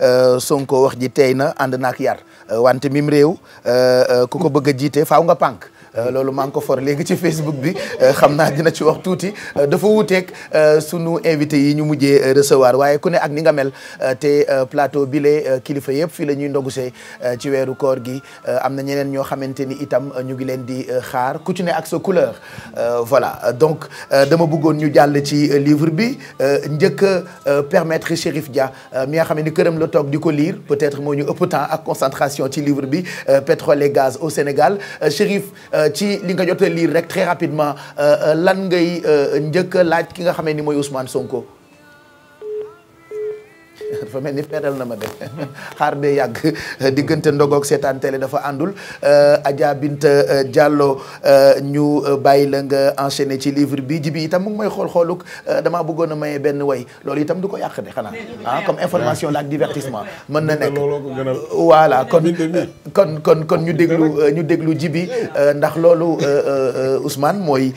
Euh, Sonko wax ji tey na ànd na ak yar euh, wante mim réew euh, ku ko bëgg a jiite faaw nga pànk Euh, loolu maa ngi ko for léegi ci Facebook bi euh, xam naa dina ci wax tuuti euh, dafa wuuteeg sunu invité yi ñu mujjee recevoir waaye ku ne ak ni nga mel te plateau bi lee kilifa yëpp fii la ñuy ndogusee ci weeru koor gi am na ñeneen ñoo xamante ni itam ñu ngi leen di xaar ku ci ne ak sa couleur voilà donc dama bëggoon ñu jàll ci livre bi njëkk a permettre Chérif Dia mi nga xam ne këram la toog di ko lire peut-être moo ñu ëpp temps ak concentration ci livre bi pétrole gaz au Sénégal ci li nga jot a lire rek très rapidement euh, euh, lan ngay euh, njëkk laaj ki nga xam ne ni mooy Ousmane Sonko. dafa mel ni peral na ma de xaar bee yàgg diggante ndogoog seetaan télé dafa àndul euh, Adja jàlloo euh, Diallo euh, ñu bàyyi la nga enchaîné ci livre bi jibi itam mu ngi may xool xooluk damaa bëggoon a maye benn way loolu itam du ko yàq de xanaa ah comme information la ak divertissement mën na nekk voilà kon kon kon kon ñu déglu ñu déglu jibi ndax loolu Ousmane mooy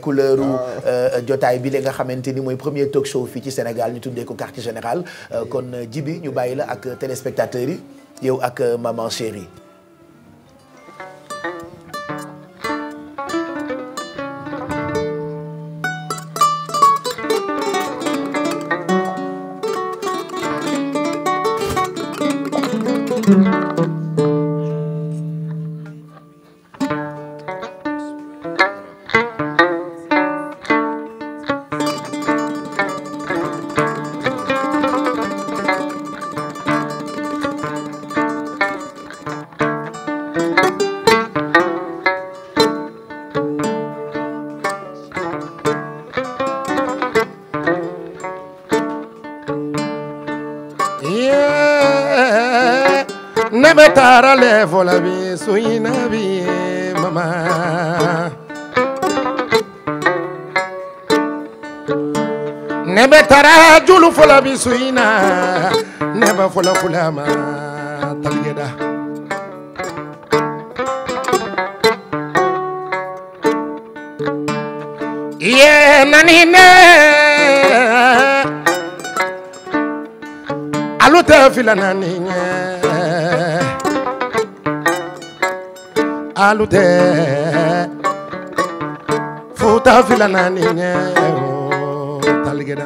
couleuru ah. jotaay bi li nga xamante ni mooy premier talk show fii ci Sénégal ñu tuddee ko quartier général kon jibi ñu bàyyi la ak téléspectateurs yi yow ak euh, maman chérie mawla bi suy na bi mama nebe tara julu fula bi suy na neba fula fula ma talgeda ye nani ne alu te fila nani ne alude futa filana ni ɲɛ o taligɛda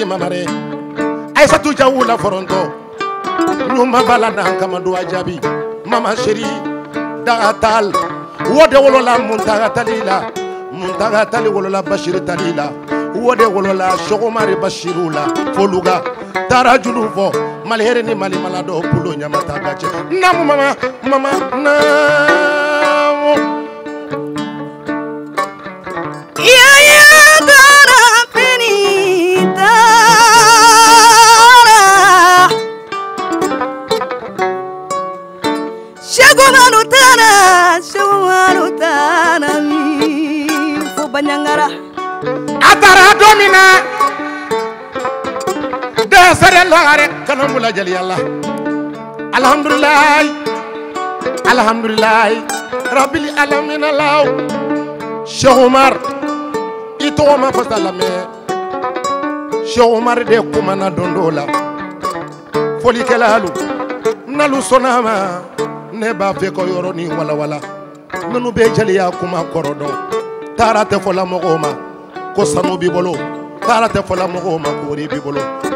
di mamare aysatu jawu la foronto ñuma bala nan kama duwa jaabi mama chéri daga taal wode wolola muntaga tali la muntaga tali wolola bashir tali la wode wolola sogomari bashiru la foluga taara julu fɔ malihɛri ni malimaladɔ pulo ɲamata ka cɛ namu mama mama naa yàlla rek kanam bu la jël yàlla alhamdulilah alhamdulilah rabbil alamin alaw Cheikh Oumar de kumana don la folikɛla nalu sɔnna ma ne b'a fɛ ka yɔrɔ walawala minnu bɛ jeliya kuma kɔrɔ dɔn taara tɛ fɔla mɔgɔw ma ko sanu taara tɛ fɔla mɔgɔw ma koori b'i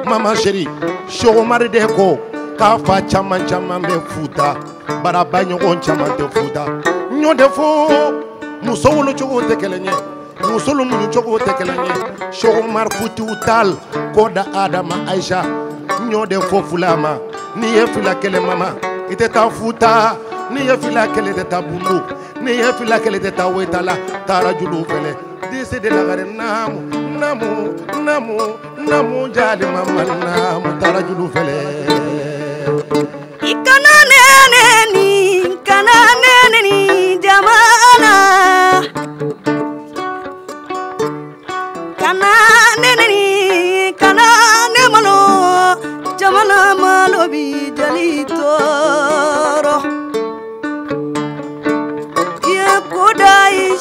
mama seri sogomari de ko k'a fa caman caman bɛ futa barabaɲɔgɔn caman tɛ futa ɲɔ fo muso wolocogo tɛ kelen ye musolu minnu cogo tɛ kelen ye sogomari futiw tal kɔda adama ayisa ɲɔ fo fula ma n'i ye fila kelen mama i tɛ futa n'i ye fila kelen tɛ taa bundu n'i ye fila kelen tɛ taa wetala taara juluw fɛlɛ disidi lagare namu namu namu namu jaalima man namu tara julu fele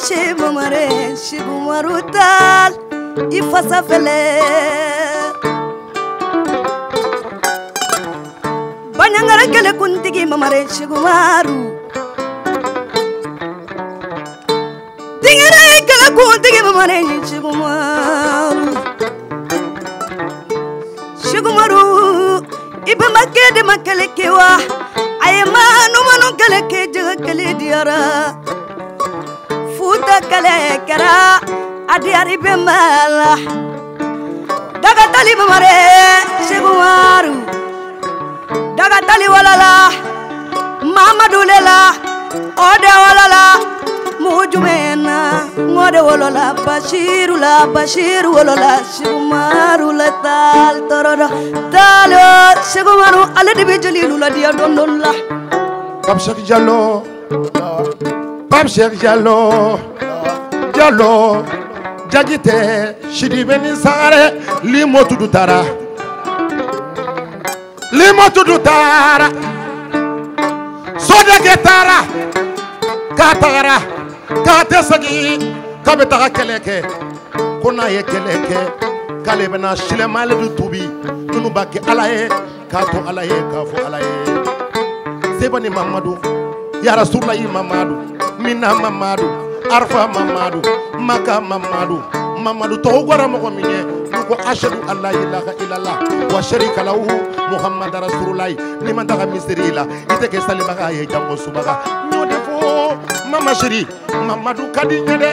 shibu mare shibu marutal ifasafele banyangara kele kuntigi mamare shibu maru dingere kele kuntigi mamare shibu maru shibu maru ibe makede makele kiwa ayemanu manu kele ke jaga kele diara fuuta kalee karaa addi ari be maalax daga tali mamaree segu waaru daga tali walala mamadu lela ode walala mujumena ngode wolola bashiru la bashiru wolola segumaru la tal torodo talo segumaru aladibe jalilu la diya dondon la kam sak jallo Pape Cheikh Diallo Diallo Diakité Sidibé ni Sangaré lii moo tudd dara lii moo tudd dara tagara kaa te segi kaa bɛ taga kɛlɛ kɛ ko n'a ye kɛlɛ kɛ k'ale bɛna silamɛyalen de tuubi minnu b'a ala ye k'a to ala ye k'a fɔ ala ye Sebani Mamadu Ya Rasululahi Mamadu mina mamadu arfa mamadu maka mamadu mamadu tɔgɔ gwara mɔgɔ min ye n'u ko ashadu an la ilaha wa sharika lahu rasululahi n'i ma taga misiri la i tɛ kɛ salibaga ye jango subaga n y'o de fɔ mama siri mamadu ka di n ye dɛ.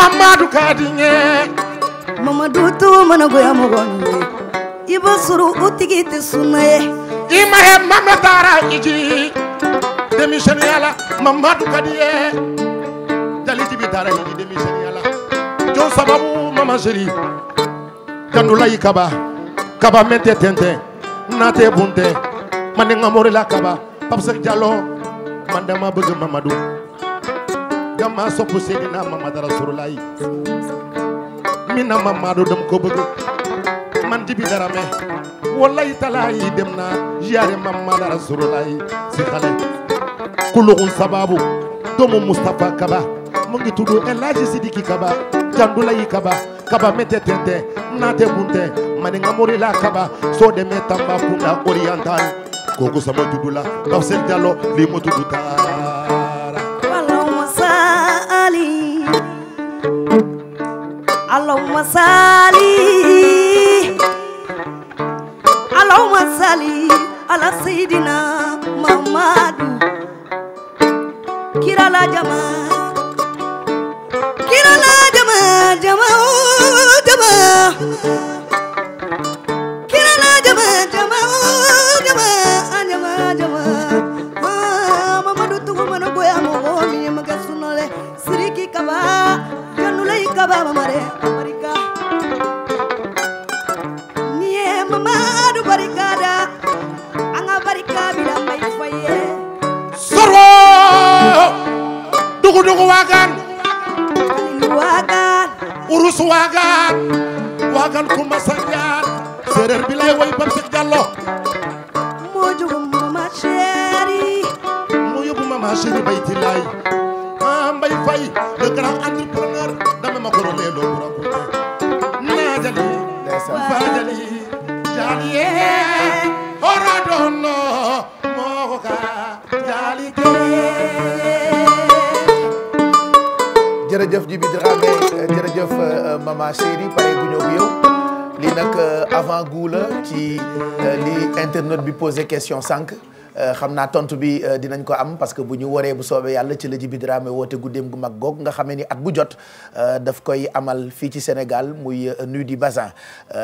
Mamadou Kadi Nye dutu managoyamogonde ibo suru utigiti sunnaye imahe mametara iji demisheniyala mamadu kadiye jalitibi dara iji demisheniyala jo sababu mama seri kandulayi kaba kaba mente tente nate bunte mande ngamorila kaba papsek jalo mandama bëgg mamadou gama sopp seydina mamadara surulayi mi na ma Maodo dama ko man jibi dara me wallahi talaay dem naa ziyaare ma Maodo Rasulullaay si xale ku luxul sababu doomu Moustapha Kaba mu ngi tudd El Sidiki Kaba Jandulayi Kaba Kaba mete tente naate bunte maninga morila Kaba soo demee Tambacounda oriental kooku sama tudd la Babsel Diallo lii mu taa اللهم صلي اللهم صلي على سيدنا محمد كيرا لا جما كيرا لا جما جما جما كيرا لا جما جما جما جما جما محمد تغمن بويا مغومي مغسنولي سريكي كبا جنولي كبا waagaan waagaan urus waagaan waagaan kuma sanjaan séeréer bi lay way bam sa jàllo moo jugu mama chéri moo yóbbu mama chéri bayti laay Mama Chérie pare gu ñëw yow lii nag euh, avant goût la ci euh, li internet bi posé question sànq euh, xam naa tontu bi dinañ ko am parce que bu ñu waree bu soobee yàlla ci la Djiby Dramé woote guddeem gu mag goog nga xamee ni at bu jot daf koy amal fii ci Sénégal muy nuit di Bazin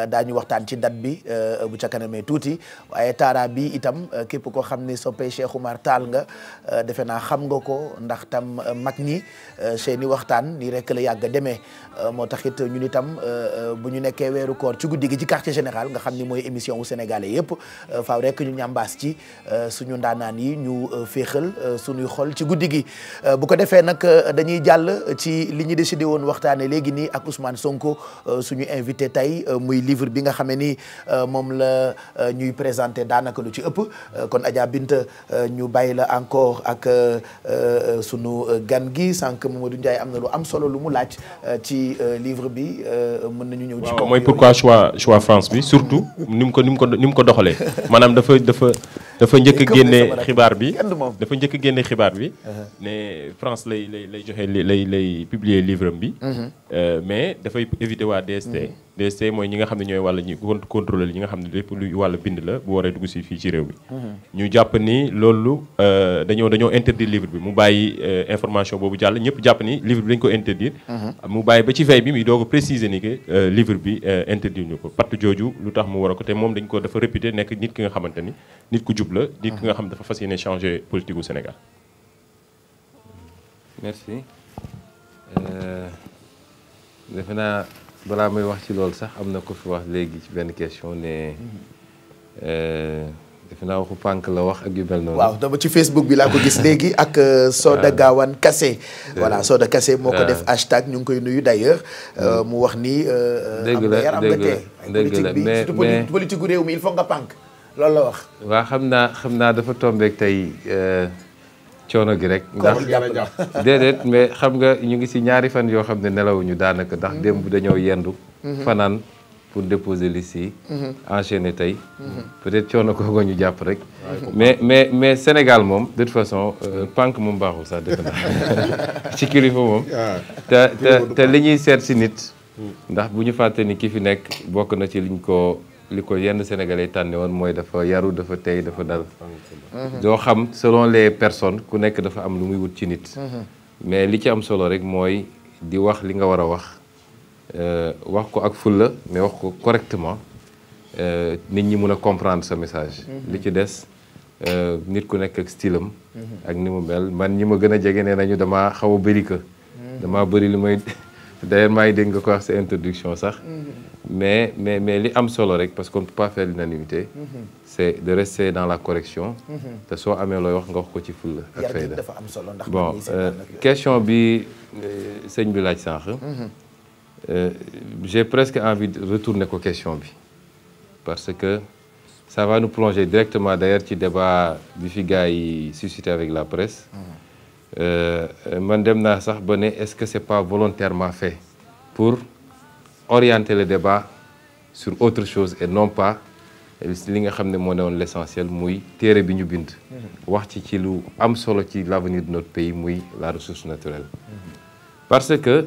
daañu waxtaan ci dat bi bu cakanamee tuuti waaye taara bi itam képp koo xam ne soppee Cheikh Oumar taal nga defe naa xam nga ko ndax tam mag ñi seeni waxtaan nii rekk la yàgg demee Euh, moo tax it ñun itam euh, euh, bu ñu nekkee weeru koor ci guddi gi ci quartier général nga xam ni mooy émission wu sénégalais yëpp faaw rek ñu ñambaas ci suñu ndaanaan yi ñu féexal suñuy xol ci guddi gi bu ko defee nag dañuy jàll ci li ñu décidé woon waxtaane léegi nii ak Ousmane Sonko suñu invité tey muy livre bi nga xam ni moom la ñuy présenté daanaka lu ci ëpp kon Adja Binta ñu bàyyi la encore ak sunu gan gi sànq Mamadou Ndiaye am na lu am solo lu mu laaj ci ci euh, livre bi euh, mën nañu ñëw. ci kaw mooy pourquoi choix choix France bi surtout ni mu ko nim mu ko ni mu ko doxalee maanaam dafa dafa. dafa njëkk a génne xibaar bi dafa njëkk a génne xibaar bi ne France lay lay lay joxe lay lay publier livre am bi uh-huh. euh, mais dafay éviter waa DST uh-huh. DST mooy ñi nga xam ne ñooy wàll ñi contrôler ñi nga xam ne lépp lu wàll bind la bu waree dugg si fii ci réew bi uh-huh. ñu jàpp ni loolu euh, dañoo dañoo interdire livre bi mu bàyyi euh, information boobu jàll ñëpp jàpp ni livre bi dañ ko interdire mu bàyyi ba ci veille bi mi doo ko préciser ni que livre bi interdire ñu ko patt jooju lu tax mu war a ko te moom dañ ko dafa réputé nekk nit ki nga xamante nit ku jub jub di nga xam dafa fas yéene changer politique gu Sénégal. merci euh, defe naa balaa may wax ci lool sax am na ko fi wax léegi ci benn question ne. Euh, defe naa waxu pànk la wax ak yu mel noonu. waaw dama ci Facebook bi laa ko gis léegi ak. Euh, Soda Gawane Kassé. voilà Soda Kassé moo ko ah. def hashtag ñu ngi koy nuyu d' mm. mu wax ni. dëgg la dëgg la am na yaram la tey politique bi surtout politique gu réew mi il faut nga pànk. loolu la wax. waa xam naa xam naa dafa tombeek tey euh, coono gi rek. ndax déedéet mais xam nga ñu ngi si ñaari fan yoo xam ne nelawuñu daanaka ndax mm-hmm. démb dañoo yendu. Mm-hmm. fanaan pour déposer liste yi. Mm-hmm. enchaîner tey. peut-être coono ko ñu jàpp rek. mais mais mais Sénégal moom de toute façon euh, pànk moom baaxul sax dëgg na ci kilifa moom. te te li ñuy seet si nit. Mm. ndax bu ñu fàtte ni ki fi nekk bokk na ci liñ ko. li ko yenn sénégalais tànne woon mooy dafa yaru dafa tey dafa dal mhm. doo xam selon les personnes ku nekk dafa am lu muy wut ci nit mhm. mais li ci am solo rek mooy di wax li nga war a wax euh, wax ko ak fulla mais wax ko correctement euh, nit ñi mun a comprendre sa message mhm. li ci des euh, nit ku nekk ak style ak ni mu mel man ñi ma gën a jege nee nañu damaa xaw a bëri que damaa bëri lu may d'ailleurs maa ngi dégg nga ko wax sa introduction sax mais mais mais li am solo rek parce que ne peut pas faire l'unanimité mhm. c'est de rester dans la correction mhm. te soo amee looy wax nga wax ko ci fulla ak fayda bon euh, question bi euh, sëñ bi laaj sànq mhm. euh, j'ai presque envie de retourner ko question bi parce que ça va nous plonger directement d'ailleurs ci débat bi fi gars yi suscité avec la presse man dem naa sax ba ne est-ce que c'est pas volontairement fait pour orienter le ba sur autre chose et non pas li nga xam ne moo newoon l'essentiel muy téere bi ñu bind mm-hmm. wax ci ci lu am solo ci l'avenir de pays muy la ressource naturelle mm-hmm. parce que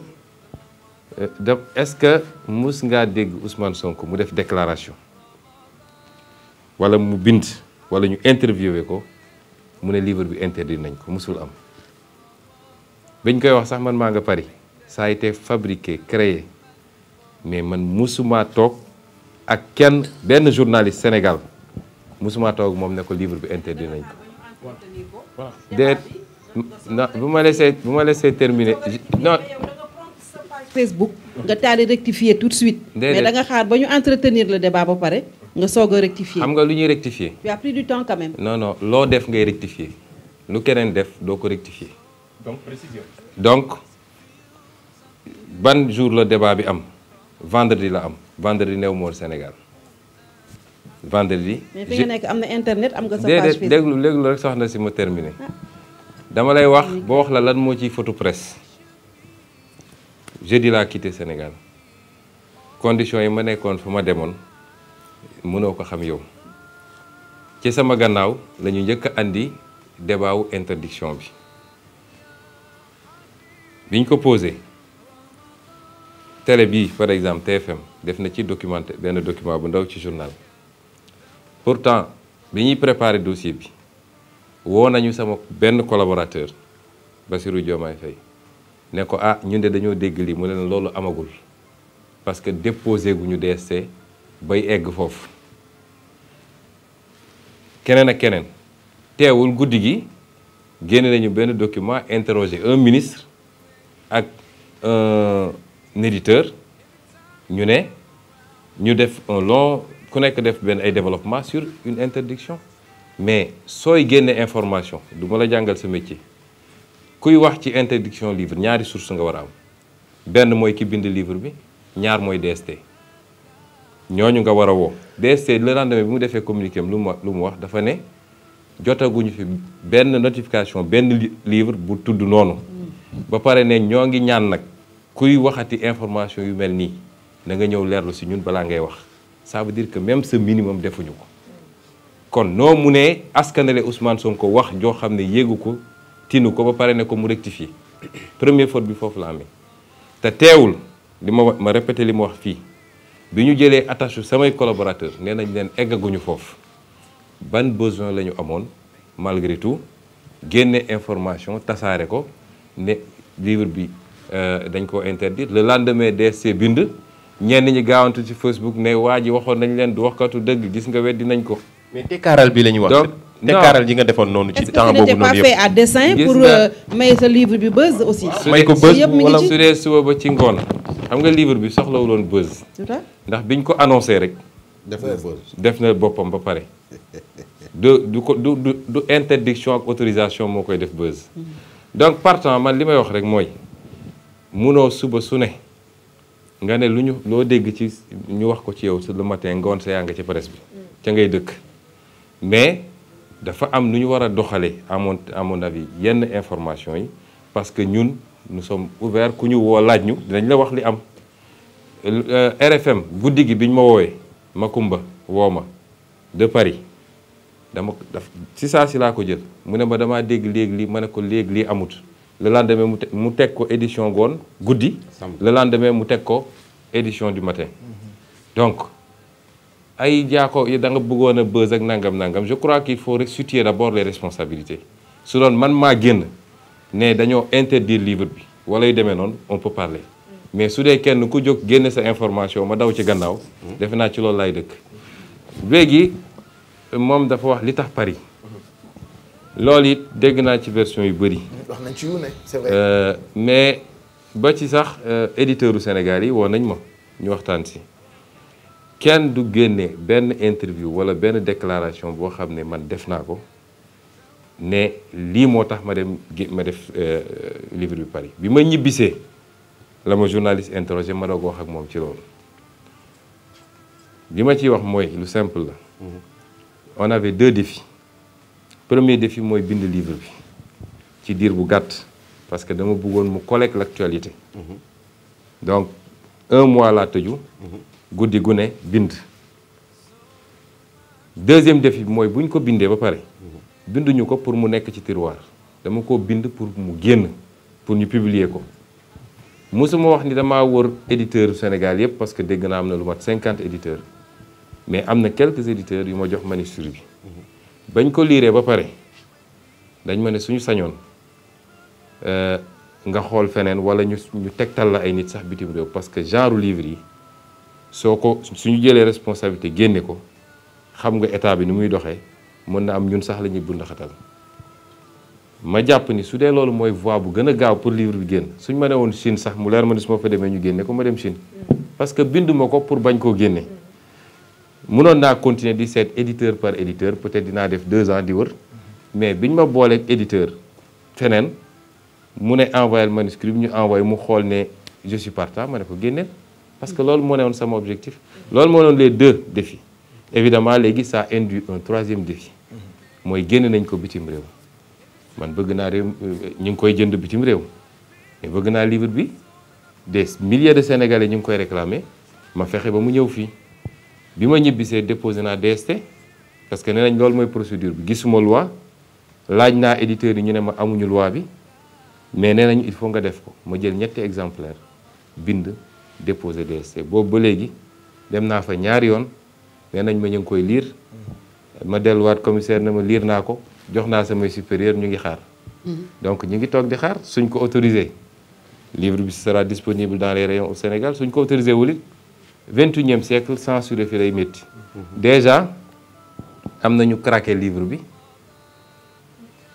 euh, da est-ce que mus ngaa dégg Ousmane Sonko mu def déclaration wala mu bind walla ñu interviewé ko mu ne livre bi interdit nañ ko musul am bañ koy wax sax man maa nga Paris ça a été mais man musuma toog ak kenn benn journaliste Sénégal musuma toog moom ne ko livre bi interdit nañ ko déet non bu ma laissé bu ma laissé terminer non Facebook nga taal di rectifier tout de suite mais da xaar ba ñu entretenir la débat ba pare nga soog a rectifier xam nga lu ñuy rectifier tu as pris du temps quand loo def ngay rectifier lu keneen def doo ko rectifier donc donc ban jour la débat bi am vendredi la am vendredi néew moor Sénégal vendredi. mais fi nekk am na internet am nga sa page Facebook déglu déglu rek soxna si ma terminé. dama lay wax boo wax la lan moo ciy photo presse jeudi laa quitté Sénégal conditions yi ma nekkoon fu ma demoon mënoo ko xam yow ci sama gannaaw la njëkk a andi débat wu interdiction bi biñ ko posé. télé bii par exemple TFM def na ci documenté benn document bu ndaw ci journal pourtant bi ñuy préparé dossier bi woo nañu sama benn collaborateur Bassirou Diomaye Faye ne ko ah ñun de dañoo dégg lii mu ne loolu amagul parce que déposé gu ñu DST bay egg foofu keneen ak keneen teewul guddi gi génne nañu benn document interroger un ministre ak éditeur ñu ne ñu def un long ku nekk def benn ay développement sur une interdiction mais sooy génnee information du ma la jàngal sa métier kuy wax ci interdiction livre ñaari source nga war a am benn mooy ki bind livre bi ñaar mooy DST ñooñu nga war a woo DST le lendemain bi mu defee communiqué lu mu lu mu wax dafa ne jotaguñu fi benn notification benn livre bu tudd noonu mm. ba pare ne ñoo ngi ñaan nag kuy waxati information yu mel nii na nga ñëw leerlu si ñun balaa ngay wax ça veut dire que même ce minimum defuñu ko kon noo mu ne askanale Ousmane ko wax joo xam ne yéegu ko tinu ko ba pare ne ko mu rectifier premier faute bi foofu la amee te teewul li ma ma répété li ma wax fii bi ñu jëlee attache samay collaborateur nee nañ leen eggaguñu foofu ban besoin la ñu amoon malgré tout génne information tasaare ko ne livre bi Euh, dañ ko interdire le lendemain DSC bind ñenn ñi gaawantu ci Facebook ne waa ji waxoon nañ leen du waxkatu dëgg gis nga weddi nañ ko. mais tekkaaral bi la ñu wax. donc tekkaaral ji nga defoon noonu. ci temps boobu noonu yëpp est-ce que euh, may sa livre bi buzz aussi. may ko buzz wala su dee suba ba ci ngoon. xam nga livre bi soxlawuloon buzz. ndax biñ ko annoncé rek. def na def na boppam ba pare. du du ko du du interdiction ak autorisation moo koy def buzz. Mm-hmm. donc partant man li may wax rek mooy. munoo suba su ne nga ne lu ñu loo dégg ci ñu wax ko ci yow le matin ngoon sa yaa nga ci presse bi mm. ca ngay dëkk mais dafa am lu ñu war a doxale amoon mon à yenn information yi parce que ñun nu sommes ouverts ku ñu woo laaj ñu dinañ la wax li am euh, RFM guddi gi biñ ma woowee Makumba woo ma de Paris dama daf si saa si laa ko jël mu ne ma damaa dégg léegi lii ma ne ko léegi lii amut le lendemain mu teg mu teg ko édition ngoon guddi. le lendemain mu teg ko édition du matin. donc ay jaako yi da nga bëggoon a bës ak nangam nangam je crois qu'il faut situer d'abord les responsabilités su doon man maa génn ne dañoo interdire livre bi wala yu demee noonu on peut parler mais su dee kenn ku jóg génne sa information ma daw ci gannaaw. Hmm. defe naa ci loolu laay dëkk. léegi moom dafa wax li tax Paris. loolu it dégg naa ci version yu bëri. wax nañ ci yu euh, mais ba ci sax euh, éditeur u Sénégal yi woo nañ ma ñu waxtaan si kenn du génne benn interview wala benn déclaration boo xam ne man def naa ko ne lii moo tax ma dem ma def euh, livre bi Paris bi ma ñibbisee la ma journaliste interrogé ma doog wax ak moom ci loolu bi ma ciy wax mooy lu simple la. Mm-hmm. on avait deux défis. premier défi mooy bind livre bi ci diir bu gàtt parce que dama bëggoon mu collecte l'actualité mhm. donc un mois laa tëju mhm. guddi gu bind deuxième défi bi mooy bu ñu ko bindee ba pare mhm. binduñu ko pour mu nekk ci tiroir dama koo bind pour mu génn pour ñu publier ko mosuma wax ni damaa wër éditeur Sénégal yëpp parce que dégg naa am na lu mat cinquante éditeurs mais am na quelques éditeurs yu ma jox manuscrit bi bañ ko liiree ba pare dañ ma ne suñu sañoon euh, nga xool feneen wala ñu ñu tegtal la ay nit sax bitim réew parce que genre livre yi soo ko suñu jëlee responsabilité génne ko xam nga état bi ni muy doxee mën na am ñun sax la ñuy bundaxatal ma jàpp ni su dee loolu mooy voie bu gën a gaaw pour livre bi génn suñ ma ne woon Chine sax mu leer ma ni su ma fa demee ñu génne ko ma dem Chine mm. parce que bindu ko pour bañ koo génne mm. mënoon naa continuer di seet éditeur par éditeur peut-être dinaa def deux ans di wër mais ñu ma booleeg éditeur feneen mu ne envoyé le manuscrit bi ñu envoyé mu xool ne je suis ma ne ko génneel parce que loolu moo ne woon sama objectif loolu moo ne woon les deux defi évidemment léegi ça induit un troisième défi mooy génn nañ ko bitim réew man bëgg naa réew euh, ñu ngi koy jënd bitim réew mais bëgg naa livre bi des milliers de sénégalais ñu ngi koy réclamer ma fexe ba mu ñëw fii bi ma ñibbisee déposé naa DST parce que nee nañ loolu mooy procédure bi gisuma loi laaj naa éditeurs yi ñu ne ma amuñu loi bi mais nee nañu il faut nga def ko ma jël ñetti exemplaire bind déposé DST boobu ba léegi dem naa fa ñaari yoon nee nañ ma ñu ngi koy liir ma delluwaat commissaire na ma liir naa ko jox naa samay supérieur ñu ngi xaar mm-hmm. donc ñu ngi toog di xaar suñ ko autorisé livre bi sera disponible dans les rayons au Sénégal suñ ko autorisé wulit 21e siècle censuré fi lay métti déjà am na ñu craqué livre bi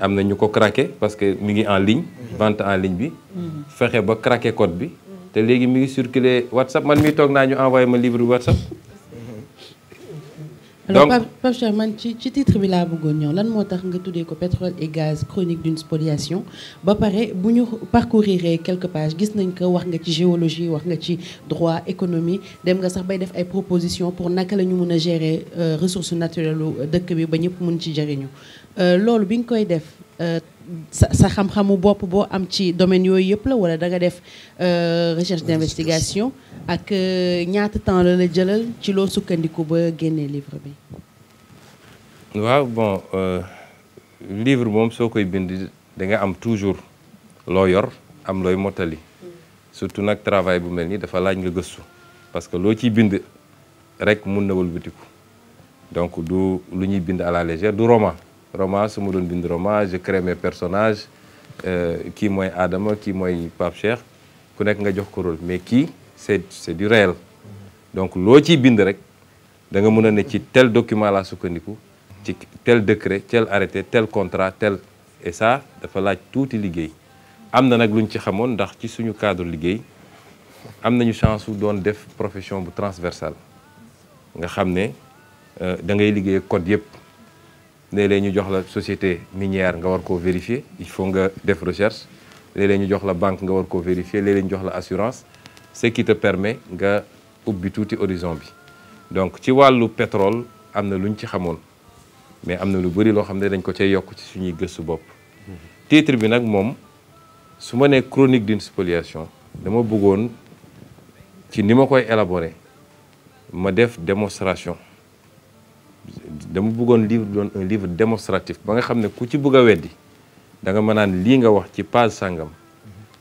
am na ñu ko craqué parce que mi ngi en ligne vente en ligne bi mm-hmm. fexe ba craqué code bi te léegi mi ngi circulé WhatsApp man mi toog naa ñu envoyé ma livre bi WhatsApp donc alors man ci ci titre bi laa bëggoon ñëw lan moo tax nga tuddee ko pétrole et gaz chronique d'une spoliation ba pare bu ñu parcourir quelques pages gis nañ ko wax nga ci géologie wax nga ci droit économie dem nga sax bay def ay propositions pour naka la ñu mën a gérer euh, ressources naturelles lu dëkk bi ba ñëpp mun ci jëriñu euh, loolu bi nga koy def euh, sa sa xam-xamu bopp boo am ci domaine yooyu yëpp la wala da nga def recherche d'investigation. ak euh, ñaata temps la la jëlal ci loo sukkandiku ba génnee livre bi. waaw bon euh, livre moom soo koy bind da nga am toujours loo yor am looy mottali. surtout nag travail bu mel nii dafa laaj nga gëstu parce que loo ciy bind rek mun na wëlbatiku donc du lu ñuy bind à la légère du roma roman su ma doon bind roman je crée mes personnages euh, kii mooy aadama ki mooy Pape Cheikh ku nekk nga jox ko rôle mais kii. c'est c'est du réel donc loo ciy bind rek da nga mën a ne ci tel document laa sukkandiku ci tel décret tel arrêté tel contrat tel et ça dafa laaj tuuti liggéey am na nag lu ñu ci xamoon ndax ci suñu cadre liggéey am nañu chance su doon def profession bu transversale nga xam ne euh, da ngay liggéey code yëpp léeg-léeg ñu jox la société minière nga war koo vérifier il faut nga def recherche léeg ñu jox la banque nga war koo vérifier léeg ñu jox la assurance ce te permet nga ubbi tuuti horizon bi donc ci wàllu pétrole am na lu ñu ci xamoon mais am na lu bëri loo xam ne dañ ko cay yokk ci suñuy gëstu bopp titre bi nag moom su ma nee chronique d'une spoliation dama bëggoon ci ni ma koy élaborer ma def démonstration dama bëggoon livre doon un livre ba nga xam ne ku ci bëgg a weddi da nga mën naan lii nga wax ci page sàngam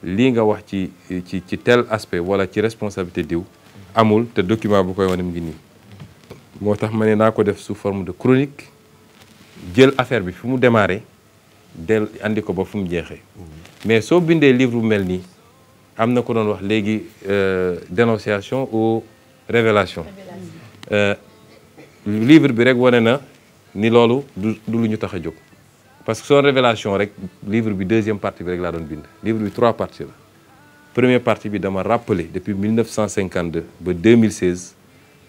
lii nga wax ci ci ci tel aspect wala ci responsabilité diw amul te document bu koy wane mu ngi nii moo tax ma ne naa ko def sous forme de chronique jël affaire bi fu mu démarré del indi ko ba fu mu jeexee mais soo bindee livre bu mel nii am na ko doon wax léegi euh, dénonciation ou révélation euh, livre bi rek wane na ni loolu du du lu ñu tax a jóg parce que son révélation rek livre bi deuxième partie bi rek laa doon bind livre bi trois parties la première partie bi dama rappeler depuis 1952 ba 2016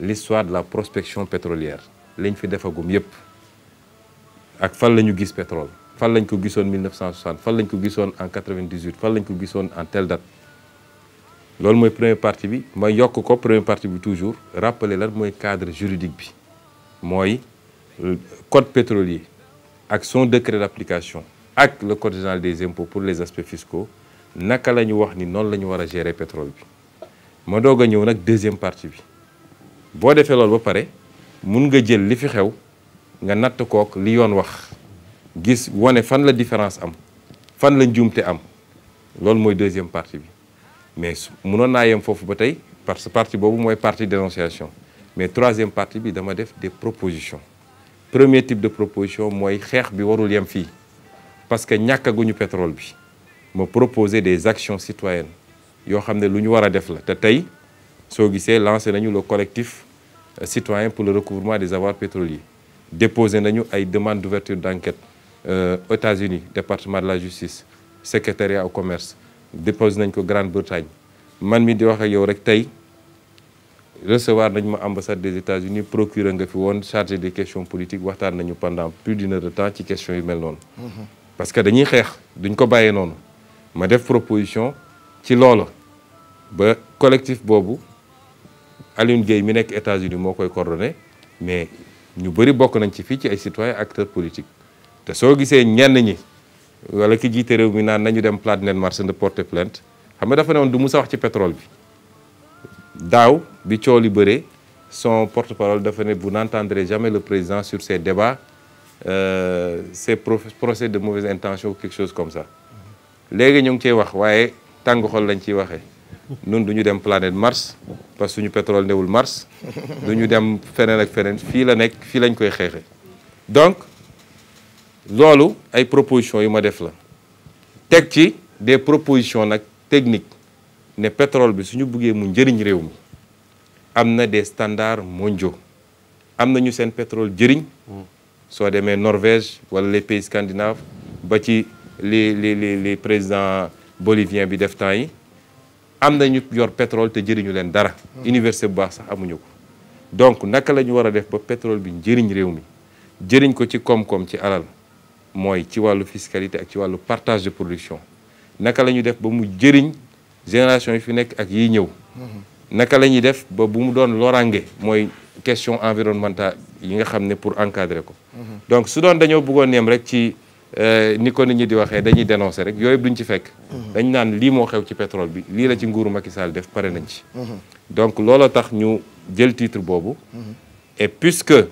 l'histoire de la prospection pétrolière lañ fi defagum yépp ak fan la ñu gis pétrole fan lañ ko gisoon 1960 fan lañ ko gisoon en 98 fan lañ ko gisoon en telle date loolu mooy première parti bi ma yokk ko première parti bi toujours rappeler lan mooy cadre juridique bi mooy euh, code pétrolier ak son décret d'application ak le code général des impôts pour les aspects fiscaux naka la ñu wax ni noonu la ñu war a gérer pétrole bi ma doog a ñëw nag deuxième partie bi boo defee loolu ba pare mun nga jël li fi xew nga natt kook li yoon wax gis wane fan la différence am fan la njuumte am loolu mooy deuxième partie bi mais munoon naa yem foofu ba tey parce que partie boobu mooy partie dénonciation mais troisième partie bi dama def des propositions premier type de proposition mooy xeex bi warul yem fii parce que ñàkkaguñu pétrole bi ma proposer des actions citoyennes yoo xam ne lu ñu war a def la te tey soo gisee lancé nañu le collectif euh, citoyen pour le recouvrement des avoirs pétroliers déposé nañu ay demande d'ouverture d'enquête euh, États-Unis département de la justice secretariat au commerce déposé nañ ko Grande-Bretagne man mi di wax ak yow rek tey recevoir nañ ma ambassade des États-Unis procureur nga fi woon chargé des questions politiques waxtaan nañu pendant plus d'une heure de temps ci questions yu mel noonu. Mhm. parce que dañuy xeex duñ ko bàyyee noonu. ma def proposition ci loola ba collectif boobu Alioune Gueye mi nekk États-Unis moo koy coordonné mais ñu bëri bokk nañ ci fii ci ay citoyens acteur politiques te soo gisee ñenn ñi wala ki jiite réew mi naan nañu dem Platinum Marché de porter plainte xam nga dafa ne du musa wax ci pétrole bi. daaw bi coow li bëree son porte-parole dafa ne bu n'entendrez jamais le président sur ces débats euh, ces procès de mauvaise intention ou comme ça léegi ñoo ngi ciy wax waaye tàng xol lañ ciy waxee nun du ñu dem planète Mars parce que suñu pétrole newul Mars du ñu dem feneen ak feneen fii la nekk fii lañ koy xeexe donc loolu ay propositions yu ma def la teg ci des proposition nag techniques ne pétrole bi suñu buggee mu njëriñ réew mi am na des standards mondiaux am na ñu seen pétrole jëriñ soo demee Norvège wala les pays scandinaves ba ci li li li li président bolivien bi def temps yi am na ñu yor pétrole te jëriñu leen dara université bu baax sax amuñu ko donc naka la ñu war a def ba pétrole bi njëriñ réew mi jëriñ ko ci koom-koom ci alal mooy ci wàllu fiscalité ak ci wàllu partage de production naka la ñu def ba mu jëriñ génération yi fi nekk ak yiy ñëw naka la ñuy def ba bu mu doon lorange mooy question environnementale yi nga xam ne pour encadrer ko donc su doon dañoo buggoon yem rek ci euh, ni ko nit ñi di waxee dañuy dénoncer rek yooyu duñ ci fekk dañ naan lii moo xew ci pétrole bi lii la ci nguuru Macky Sall def pare nañ ci donc looloo tax ñu jël tiitre boobu et puisque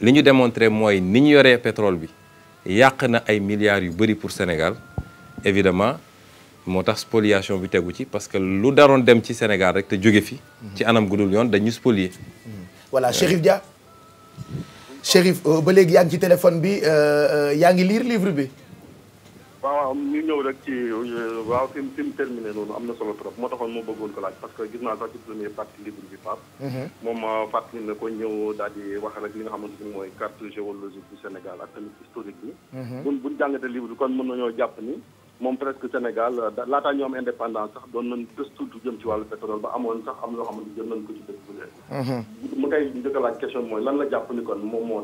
li ñu démontré mooy ni ñu yoree pétrole bi yàq na ay milliards yu bëri pour Sénégal évidemment moo tax spoliation bi tegu ci parce que lu daroon dem ci Sénégal rek te jóge fi. Mhm. ci anam gudul yoon dañu spolier. Mhm. voilà Chérif Dia. Chérif euh, ba léegi yaa ngi ci téléphone bi euh, euh, yaa ngi lire livre bi. waaw ñu ñëw rek ci waaw fi mu fi mu terminé noonu am na solo trop moo taxoon moo bëggoon ko laaj parce que gis naa sax ci premier partie livre bi Pape. Mhm. moom fàttali na ko ñëw daal di wax rek li nga xamante ni mooy carte géologique du Sénégal ak tamit historique bi. buñ buñ jàngatee livre bi kon jàpp ni. moom presque Sénégal euh, laataa ñu am indépendance sax doon nañ gëstu lu jëm ci wàllu pétrole ba amoon sax am loo xam ne jëm nañ ko ci mhm. a mooy lan jàpp ni kon moom moo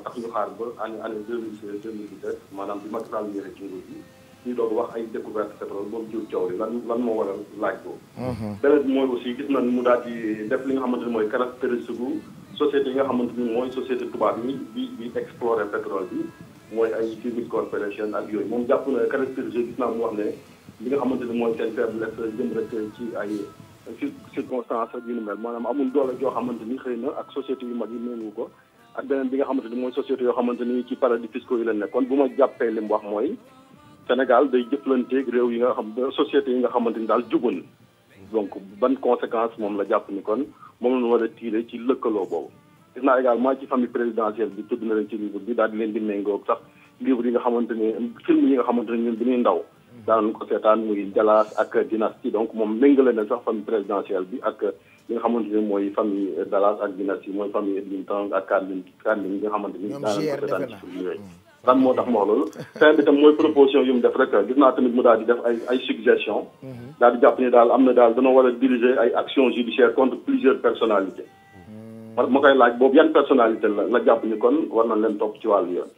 wax ay découverte pétrole boobu jur coow li lan lan moo mhm. mooy aussi gis nañ mu daal mooy caractéristique société yi nga xamante mooy société tubaab yi bi bi explorer pétrole bi. mooy ay service corporation ak yooyu moom jàpp na caractérisé gis naa mu wax ne li nga xamante ne mooy seen faiblesse jëm rek ci ay circonstance ak yu ni mel maanaam amul doole joo xamante ni xëy na ak société yu mag yi meññu ko ak beneen bi nga xamante ni mooy société yoo xamante ni ci paradis fiscaux yi lañ nekk kon bu ma jàppee li mu wax mooy Sénégal day jëflanteeg réew yi nga xam société yi nga xamante ni daal jugoon donc ban conséquence moom la jàpp ni kon moom la war a tiire ci lëkkaloo boobu gis naa également ci famille présidentielle bi tudd na leen ci livre bi daal di leen di méngóog sax livre yi nga xamante ne film yi nga xamante ne bi ñuy ndaw. daanañ ko seetaan muy Jalaas ak dynastie donc moom méngale na sax famille présidentielle bi ak li nga xamante ne mooy famille Jalaas ak dynastie mooy famille Edwin Tang ak Carlin Carlin yi nga xamante ni. ñoom GR defe hmm. moo tax ma wax loolu. fin yu mu def rek naa tamit mu daal di def ay ay suggestion hmm. daal di jàpp ni daal am na daal dañoo war a diriger ay actions judiciaires contre ma koy laaj boobu yan personnalité la la jàpp ni kon war na leen topp ci wàllu yoon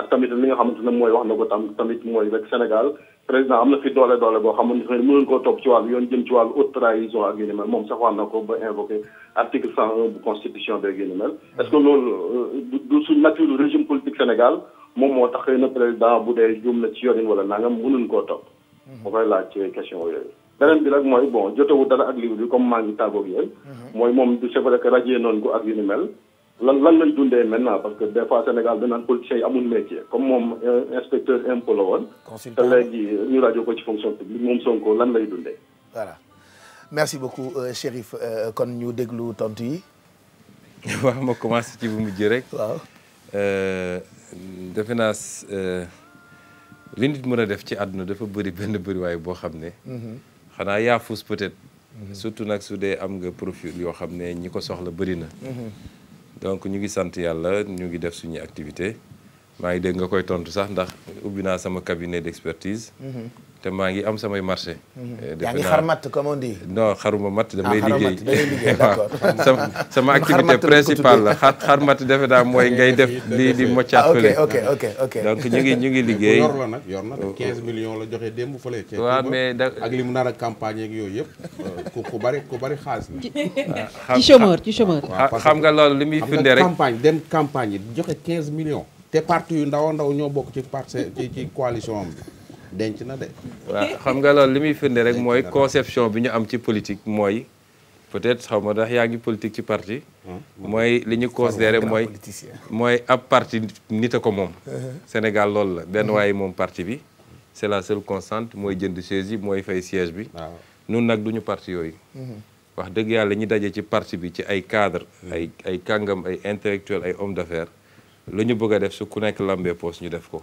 ak tamit li nga xamante ne mooy wax na ko tam tamit mooy rek Sénégal président am na fi doole doole boo xamante ne mënoon koo topp ci wàllu yoon jëm ci wàllu haute trahison ak yu ni mel moom sax wax na ko ba invoqué article cent un bu constitution beeg yu ni mel est-ce que loolu euh, du su nature régime politique Sénégal moom moo tax xëy na président bu dee juum na ci yorin wala nangam mënuñ koo topp. Mhm. ma koy laaj ci question yooyu. beneen bi nag mooy bon jotewu dara ak livre bi comme maa ngi tàggoog yéen. Mhm. mooy moom du c'est vrai que rajee noonu ko ak yu ni mel. lan lan lay dundee maintenant parce que des fois Sénégal danaan politiciens yi amul métier comme moom euh, inspecteur impôt la woon. te léegi euh, ñu rajo ko ci fonction moom Sonko lan lay dundee. voilà merci beaucoup euh, Chérif kon ñu déglu tontu yi. waaw ma commencé ci bu mujj rek. defe naa li nit mën a def ci àdduna dafa bëri benn bëriwaay boo xam ne. Mhm. xanaa yaafus peut-être. Mhm. surtout nag su dee am nga profit yoo xam ne ñi ko soxla bëri na. Mhm. donc ñu ngi sant yàlla ñu ngi def suñu activité maa ngi dégg nga koy tontu sax ndax ubbi naa sama cabinet d'expertise. Mhm. te maa ngi am samay marché. Mhm. Eh, yaa ngi xar matt comme on dit. non xaruma matt damay ah, liggéey d'accord sama sama mooy ngay def lii di moccaat ah, fële. ok donc ñu ngi ñu ngi liggéey. yor na nag yor na 15 la joxe démb fële. ak li mu nar a campagne yeeg yooyu yëpp euh, ku ku bari bari xaalis la. ci ah, chômeur ci chômeur. xam nga loolu li muy firnde rek campagne dem campagne yi joxe 15 millions. te parti yu ndaw ndaw ñoo bokk ci parti ci coalition bi. denc na de. waaw xam nga lool li muy firnde rek mooy conception bi ñu am ci politique mooy peut-être xaw ma ndax yaa ngi politique ci parti. mooy li ñu considéré mooy mooy ab parti nit a ko moom. Sénégal lool la benn waaye moom parti bi. c'est la seule constante mooy jënd chaise yi mooy fay siège bi. waaw ñun nag ñu parti yooyu. wax dëgg yàlla ñi daje ci parti bi ci ay cadre ay kàngam ay intellectuel ay homme d'affaires lu ñu bëgg def su ku nekk lambee poste ñu def ko.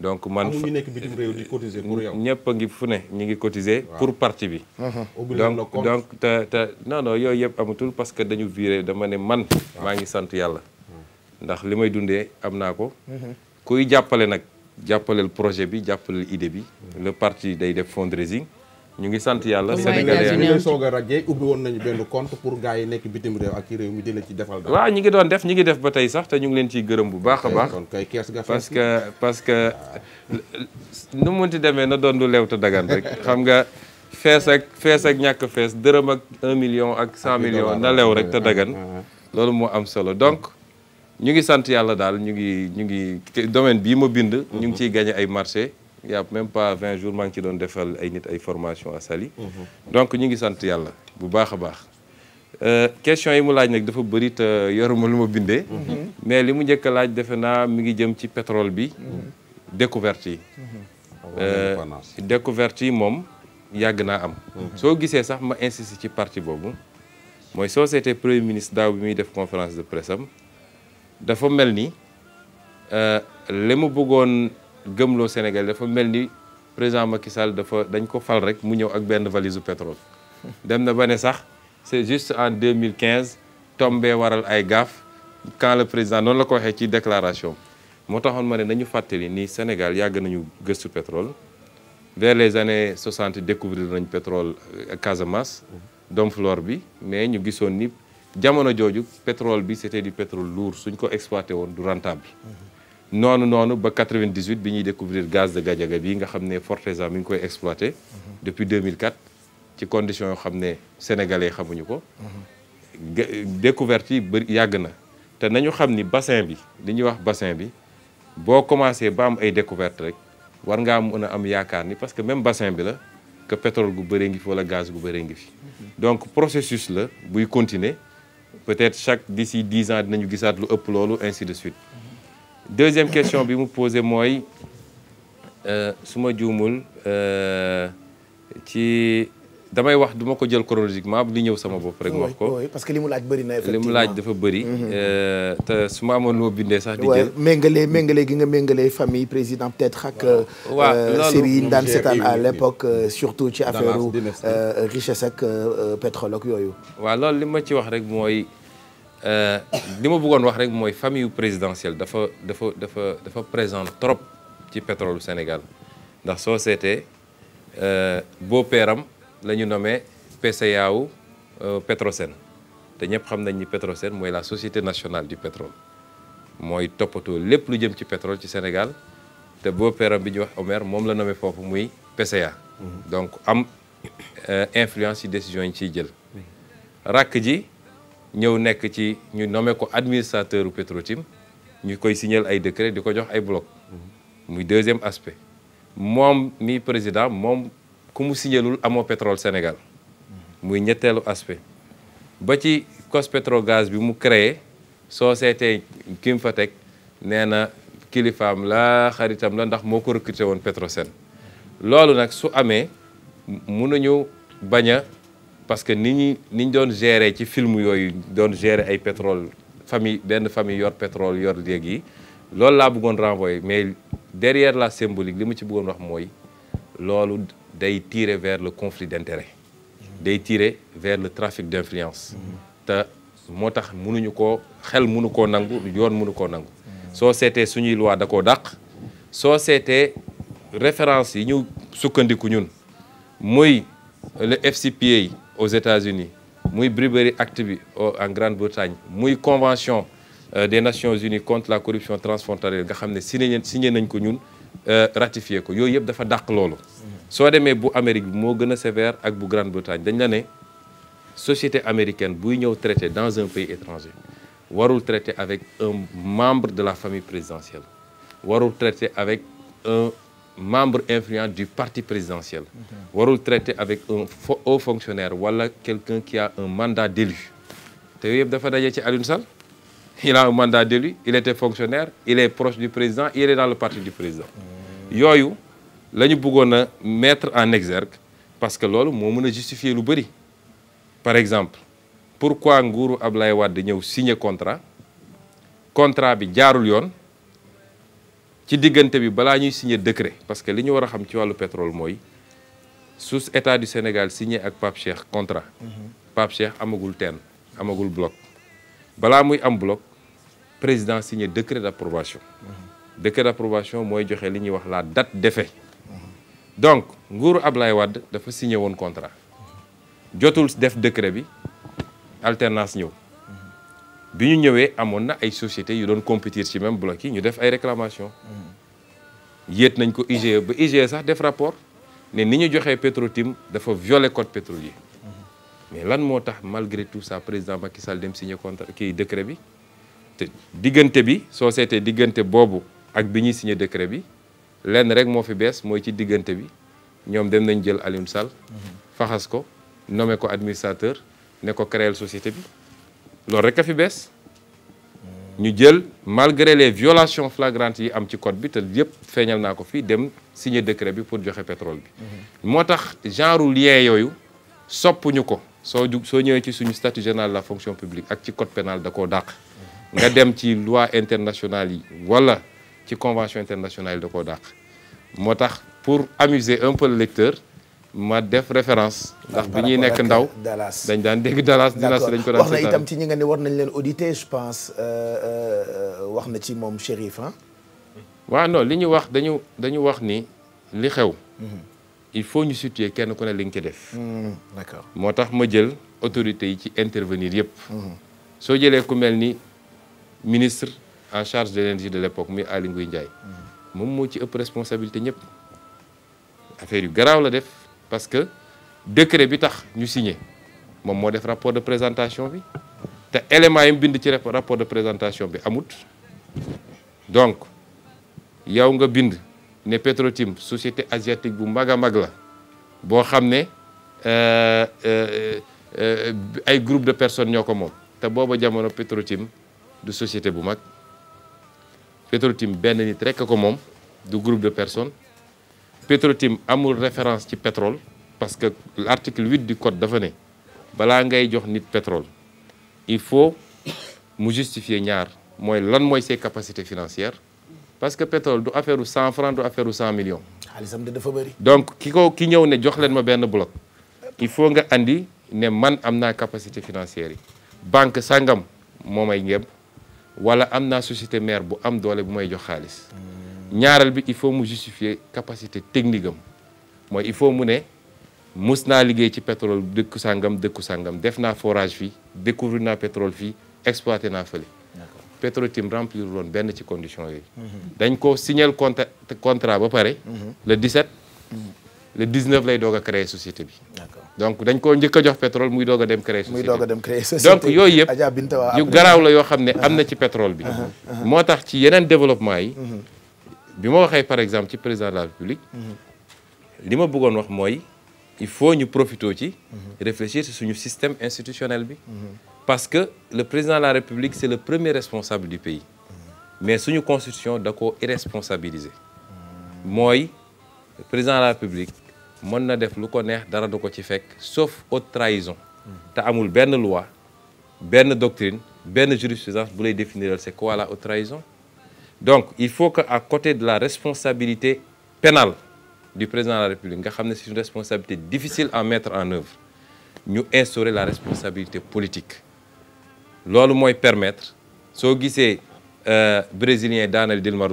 donc man amuñu nekk bitim réew ñëpp a ngi fu ne ñu ngi cotiser. pour parti bi. Uh-huh. donc donc te te non non yooyu yëpp amatul parce que dañu viré dama ne man. Ah. maa ngi sant yàlla. Hmm. ndax li may dundee am naa ko. Uh-huh. kuy jàppale nag jàppaleel projet bi jàppaleel idée bi. Hmm. le parti day def fundraising. ñu ngi sant yàlla sénégalais yi soog a rajee ubbi woon nañu benn compte pour gars yi nekk bitim réew ak réew mi di la ci defal dara waaw ñi ngi doon def ñi ngi def ba tey sax te ñu ngi leen ciy gërëm bu baax a eh, baax parce que parce que nu munti demee na doon lu lew te dagan rek xam nga fees ak fees ak ñàkk fees dërëm ak un million ak cent million na lew rek te eh, dagan eh, loolu moo am solo donc ñu ngi sant yàlla daal ñu ngi ñu ngi domaine bii ma bind ñu ngi ciy gañe ay marché y a même pas 20 jours maa ngi ci doon defal ay nit ay formation à Saly mhm. donc ñu ngi sant yàlla bu baax a baax euh, question yi mu laaj nag dafa bëri te yoruma lu ma bindee mhm. mais li mu njëkk a laaj defe naa mi ngi jëm ci pétrole bi mhm. découverte yi ah euh, découverte yi moom yàgg naa am soo gisee sax ma insiste ci parti boobu mooy soo seetee premier ministre daaw bi muy def conférence de presse am dafa mel ni euh, li mu bëggoon gëmloo Sénégal dafa mel ni président Macky Sall dafa dañ ko fal rek mu ñëw ak benn valise pétrole dem na ba ne sax c'est juste en 2015 tombé waral ay gaaf quand le président noonu la ko waxee ci déclaration moo taxoon ma ne nañu fàttali ni Sénégal yàgg nañu gëstu pétrole vers les années 60 découvrir nañ pétrole euh, Casamance Domflor bi mais ñu gisoon ni jamono jooju pétrole bi c'était du pétrole lourd suñ ko exploité woon du rentable noonu noonu ba 98 bi ñuy découvrir gaz de Gadiaga bi nga xam ne Forteza mi ngi koy exploité depuis 2004 ci condition yoo xam ne sénégalais xamuñu ko découverte yi bëri yàgg na te nañu xam ni bassin bi li ñuy wax bassin bi boo commencer ba am ay découverte rek war nga mën a am yaakaar ni parce que même bassin bi la que pétrol gu bëree ngi fi wala gaz gu bëree ngi fi donc processus la buy continuer peut-être chaque d'ici dix ans dinañu gisaat lu ëpp loolu ainsi de suite deuxième question bi mu posé mooy euh, su ma juumul euh, ci damay wax du ma ko jël chronologiquement li ñëw sama bopp rek. wax ko parce que li mu laaj bëri na effectivement li mu laaj dafa bëri. Euh, te su ma amoon lu ma bindee sax. di jël méngale gi nga méngale famille président peut-être ak. waaw série à l'époque surtout ci affaire richesse ak pétrole ak yooyu. waaw loolu li ma ci wax rek mooy. Euh, li ma bëggoon wax rek mooy famille présidentielle dafa dafa dafa dafa présent trop ci pétrole Sénégal ndax soo seetee euh, boo peeram la ñu nommé PCA wu euh, Petrosen te ñëpp xam nañ ni Petrosen mooy la société nationale du pétrole mooy toppatoo lépp lu jëm ci pétrole ci Sénégal te boo bi ñuy wax Omer moom la nommé foofu muy PCA. Mhm. donc am influence ci décision yi ciy jël. rakk ji. ñëw nekk ci ñu nommé ko administrateur Petrotim ñu koy signal ay décret di ko jox ay bloc muy deuxième aspect moom mi président moom ku mu signalul amoo pétrole Sénégal muy ñetteelu aspect ba ci Cospetrogaz bi mu créé soo seetee ki mu fa teg nee na kilifaam la xaritam la ndax moo ko recruté woon Petrosen loolu nag su amee mënuñu bañ a parce que ni ñi ni ñu doon gérer ci film yooyu doon gérer ay pétrole famille benn famille yor pétrole yor léegi loolu laa bëggoon renvoyer mais derrière la symbolique li ma ci bëggoon wax mooy loolu day tiire vers le conflit d'intérêt day tiire vers le trafic d'influence te moo tax mënuñu koo xel munu ko nangu yoon mënu koo nangu soo seetee suñuy loi da ko dàq soo seetee référence yi ñu sukkandiku ñun muy le FCPA aux États-Unis muy Bribery Act bi en Grande-Bretagne muy convention euh, des Nations Unies contre la corruption transfrontalière nga xam ne signé signé nañ ko ñun euh, ratifié ko yooyu yëpp dafa dàq loolu. soo demee bu Amérique bi moo gën a sévère ak bu Grande-Bretagne dañ la ne société américaine buy ñëw traité dans un pays étranger warul traité avec un membre de la famille présidentielle warul traité avec un. membre influent du parti présidentiel warul traité avec un haut fonctionnaire wala quelqu'un qui a un mandat d'élu te yëpp dafa daje ci Aliou Sall il a un mandat d'élu il était fonctionnaire il est proche du président il est dans le parti du président yooyu la ñu bëggoon a metre en exergue parce que loolu moo mën a justifier lu bëri par exemple pourquoi nguuru Ablaye Wade ñëw signe contrat contrat bi jaarul yoon ci diggante bi balaa ñuy signer décret parce que li ñu war a xam ci wàllu pétrole mooy su état du Sénégal signé ak Pape Cheikh contrat. Pape Cheikh amagul teen amagul bloc. balaa muy am bloc président signé décret d'approbation. décret d'approbation mooy joxe li ñuy wax laa date defe donc nguuru Ablaye Wade dafa signe woon contrat. jotul def décret bi alternance ñëw. bi ñu ñëwee amoon na ay société yu doon compétir ci même bloc yi ñu def ay réclamations. yéet nañ ko IGE ba IGE sax def rapport ne ni ñu joxee Petrotim dafa violer code pétrolier. mais lan moo tax malgré tout ça président Macky sal dem signé contrat kii décret bi te diggante bi soo seetee diggante boobu ak bi ñuy signé décret bi lenn rek moo fi bees mooy ci diggante bi ñoom dem nañ jël Alioune sal faxas ko nommé ko administrateur ne ko créer société bi. loolu rek a fi bees ñu jël malgré les violations flagrantes yi am ci code bi te yëpp feeñal naa ko fii dem signer décret bi pour joxe pétrole bi. Mhm. moo tax genre lien yooyu soppuñu ko soo jug soo ñëwee ci suñu statut général la fonction publique ak ci code pénal da ko dàq. Mhm. nga dem ci loi internationale yi wala ci convention internationale yi da ko dàq. moo tax pour amuser un peu ma def référence ndax bi ñuy nekk ndaw dañ daan dégg Dallas Dallas dañ ko daan wax na itam ci ñi nga ne war nañ leen auditer je pense euh, euh, wax na ci moom Chérif ah waaw non li ñu wax dañu dañu wax ni li xew mhm. il faut ñu situer kenn ku ne li nga ci def mhm, moo tax ma jël autorité yi ci intervenir yëpp mhm. soo jëlee ku mel ni ministre en charge de l'énergie de l'époque muy Aly Ngouille Ndiaye moom moo ci ëpp responsabilité ñëpp affaire yu garaaw la def parce que décret bi tax ñu signé moom moo def rapport de présentation bi te élément yi mu bind ci rapport de présentation bi amut donc yow nga bind ne pétrotime société asiatique bu mag a mag la boo xam ne euh, euh, euh, ay groupe de personnes ñoo ko moom te booba jamono pétrotime du société bu mag Petrotim benn nit rekk ko moom du groupe de personnes Petrotim amul référence ci pétrole parce que l'article 8 di code dafa ne balaa ngay jox nit pétrole il faut mu justifier ñaar mooy lan mooy ses capacité financière parce que pétrole du affaire cent franc du affaire u cent millions. xaalisam dafa bëri. donc ki ko ki ñëw ne jox leen ma benn bloc il faut nga indi ne man am naa capacité financière yi banque sangam moo may ngémb wala am naa société mère bu am doole bu may jox xaalis. Hmm. ñaareel bi il faut mu justifier capacité technique mooy il faut mu ne mus naa liggéey ci pétrole dëkku sàngam dëkku sàngam def naa forage fii découvrir naa pétrole fii exploité naa fële. Petrotim remplir loon benn ci condition yooyu. Mhm. dañ ko signal contra contrat ba pare. Mhm. le 17. Mhm. le 19 lay doog a créer société bi. donc dañ koo njëkk jox pétrole muy doog a dem créer société muy dem créer société donc yooyu yëpp yu garaaw la yoo xam ne am na ah. ci pétrole bi. Ah, ah, moo tax ci yeneen développement yi. bi ma waxee par exemple ci président de la république li ma bëggoon wax mooy il faut ñu profitoo ci réfléchir ci suñu système institutionnel bi parce que le président de la république c'est le premier responsable du pays mais suñu constitution da ko irresponsabiliser mooy président de la république mën na def lu ko neex dara du ko ci fekk sauf haute trahison te amul benn loi benn doctrine benn jurisprudence bu lay définiral c'est quoi la haute trahison donc il faut que à côté de la responsabilité pénal du président de la République nga xam ne c'est une responsabilité difficile à mettre en œuvre ñu instaurer la responsabilité politique loolu mooy permettre soo gisee euh, brésilien yi daaneel Dilma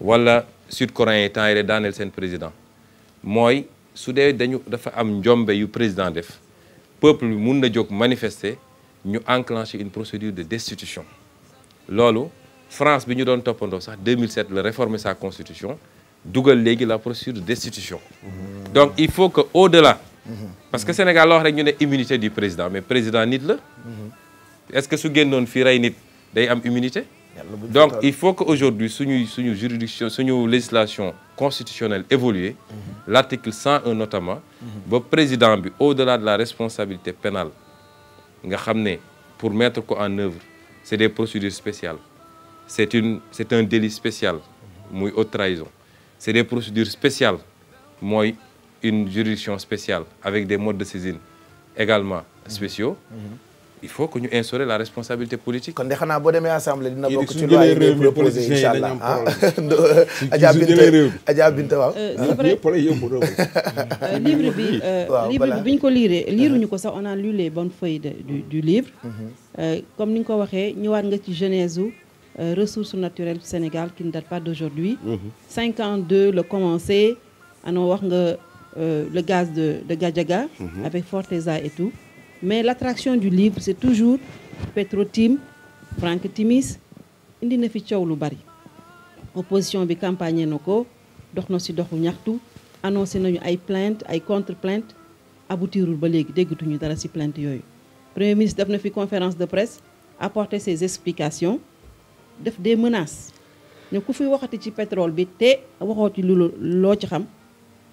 wala sud coréen yi temps yi daaneel seen président mooy su dee dañu dafa am njombe yu président def peuple bi mun na jóg manifester ñu enclencher une procédure de destitution loolu France bi ñu doon toppandoo sax 2007 la réformer sa constitution dugal léegi la procédure de destitution mmh. donc il faut que au-delà mmh. parce que Sénégal la wax rek ñu ne immunité du président mais président nit la mmh. est-ce que su doon fii rey nit day am immunité donc il faut que aujourd'hui suñuy suñu juridiction suñu législation constitutionnelle évoluée l'article 101 notamment ba président bi au-delà de la responsabilité pénale nga xam ne pour mettre ko en œuvre c'est des procédures spéciales c'est une c'est un délit spécial muy haute trahison c'est des procédures spéciales mooy une juridiction spéciale avec des modes de saisine également spéciaux il faut que ñu instaurer la responsabilité politique. kon de xanaa boo demee assemblée dina bokk ci loi yi proposé incha allah Adja Binta Adja Binta waaw. Euh, ah, euh, livre bi euh, livre bi ñu ko liiree uh-huh. liiruñu ko sax on a lu les bonnes feuilles du livre. Uh-huh. comme ni nga ko waxee ñëwaat nga ci genèse euh, ressources naturelles du Sénégal qui ne date pas d'aujourd'hui. Mmh. 52 le commencé ano wax nga euh, le gaz de de Gadiaga. Mmh. avec Forteza et mais l'attraction du livre c'est toujours Petrotim Frank Timis indi na fi coow lu bari. opposition bi campagne na ko dox na si doxu ñaxtu annoncé nañu ay plainte ay contre plainte aboutirul ba léegi déggatuñu dara si plainte yooyu. premier ministre def na fi conférence de presse apporter ses explications. def des menaces ne ku fi waxati ci pétrole bi te waxoo ci lu loo ci xam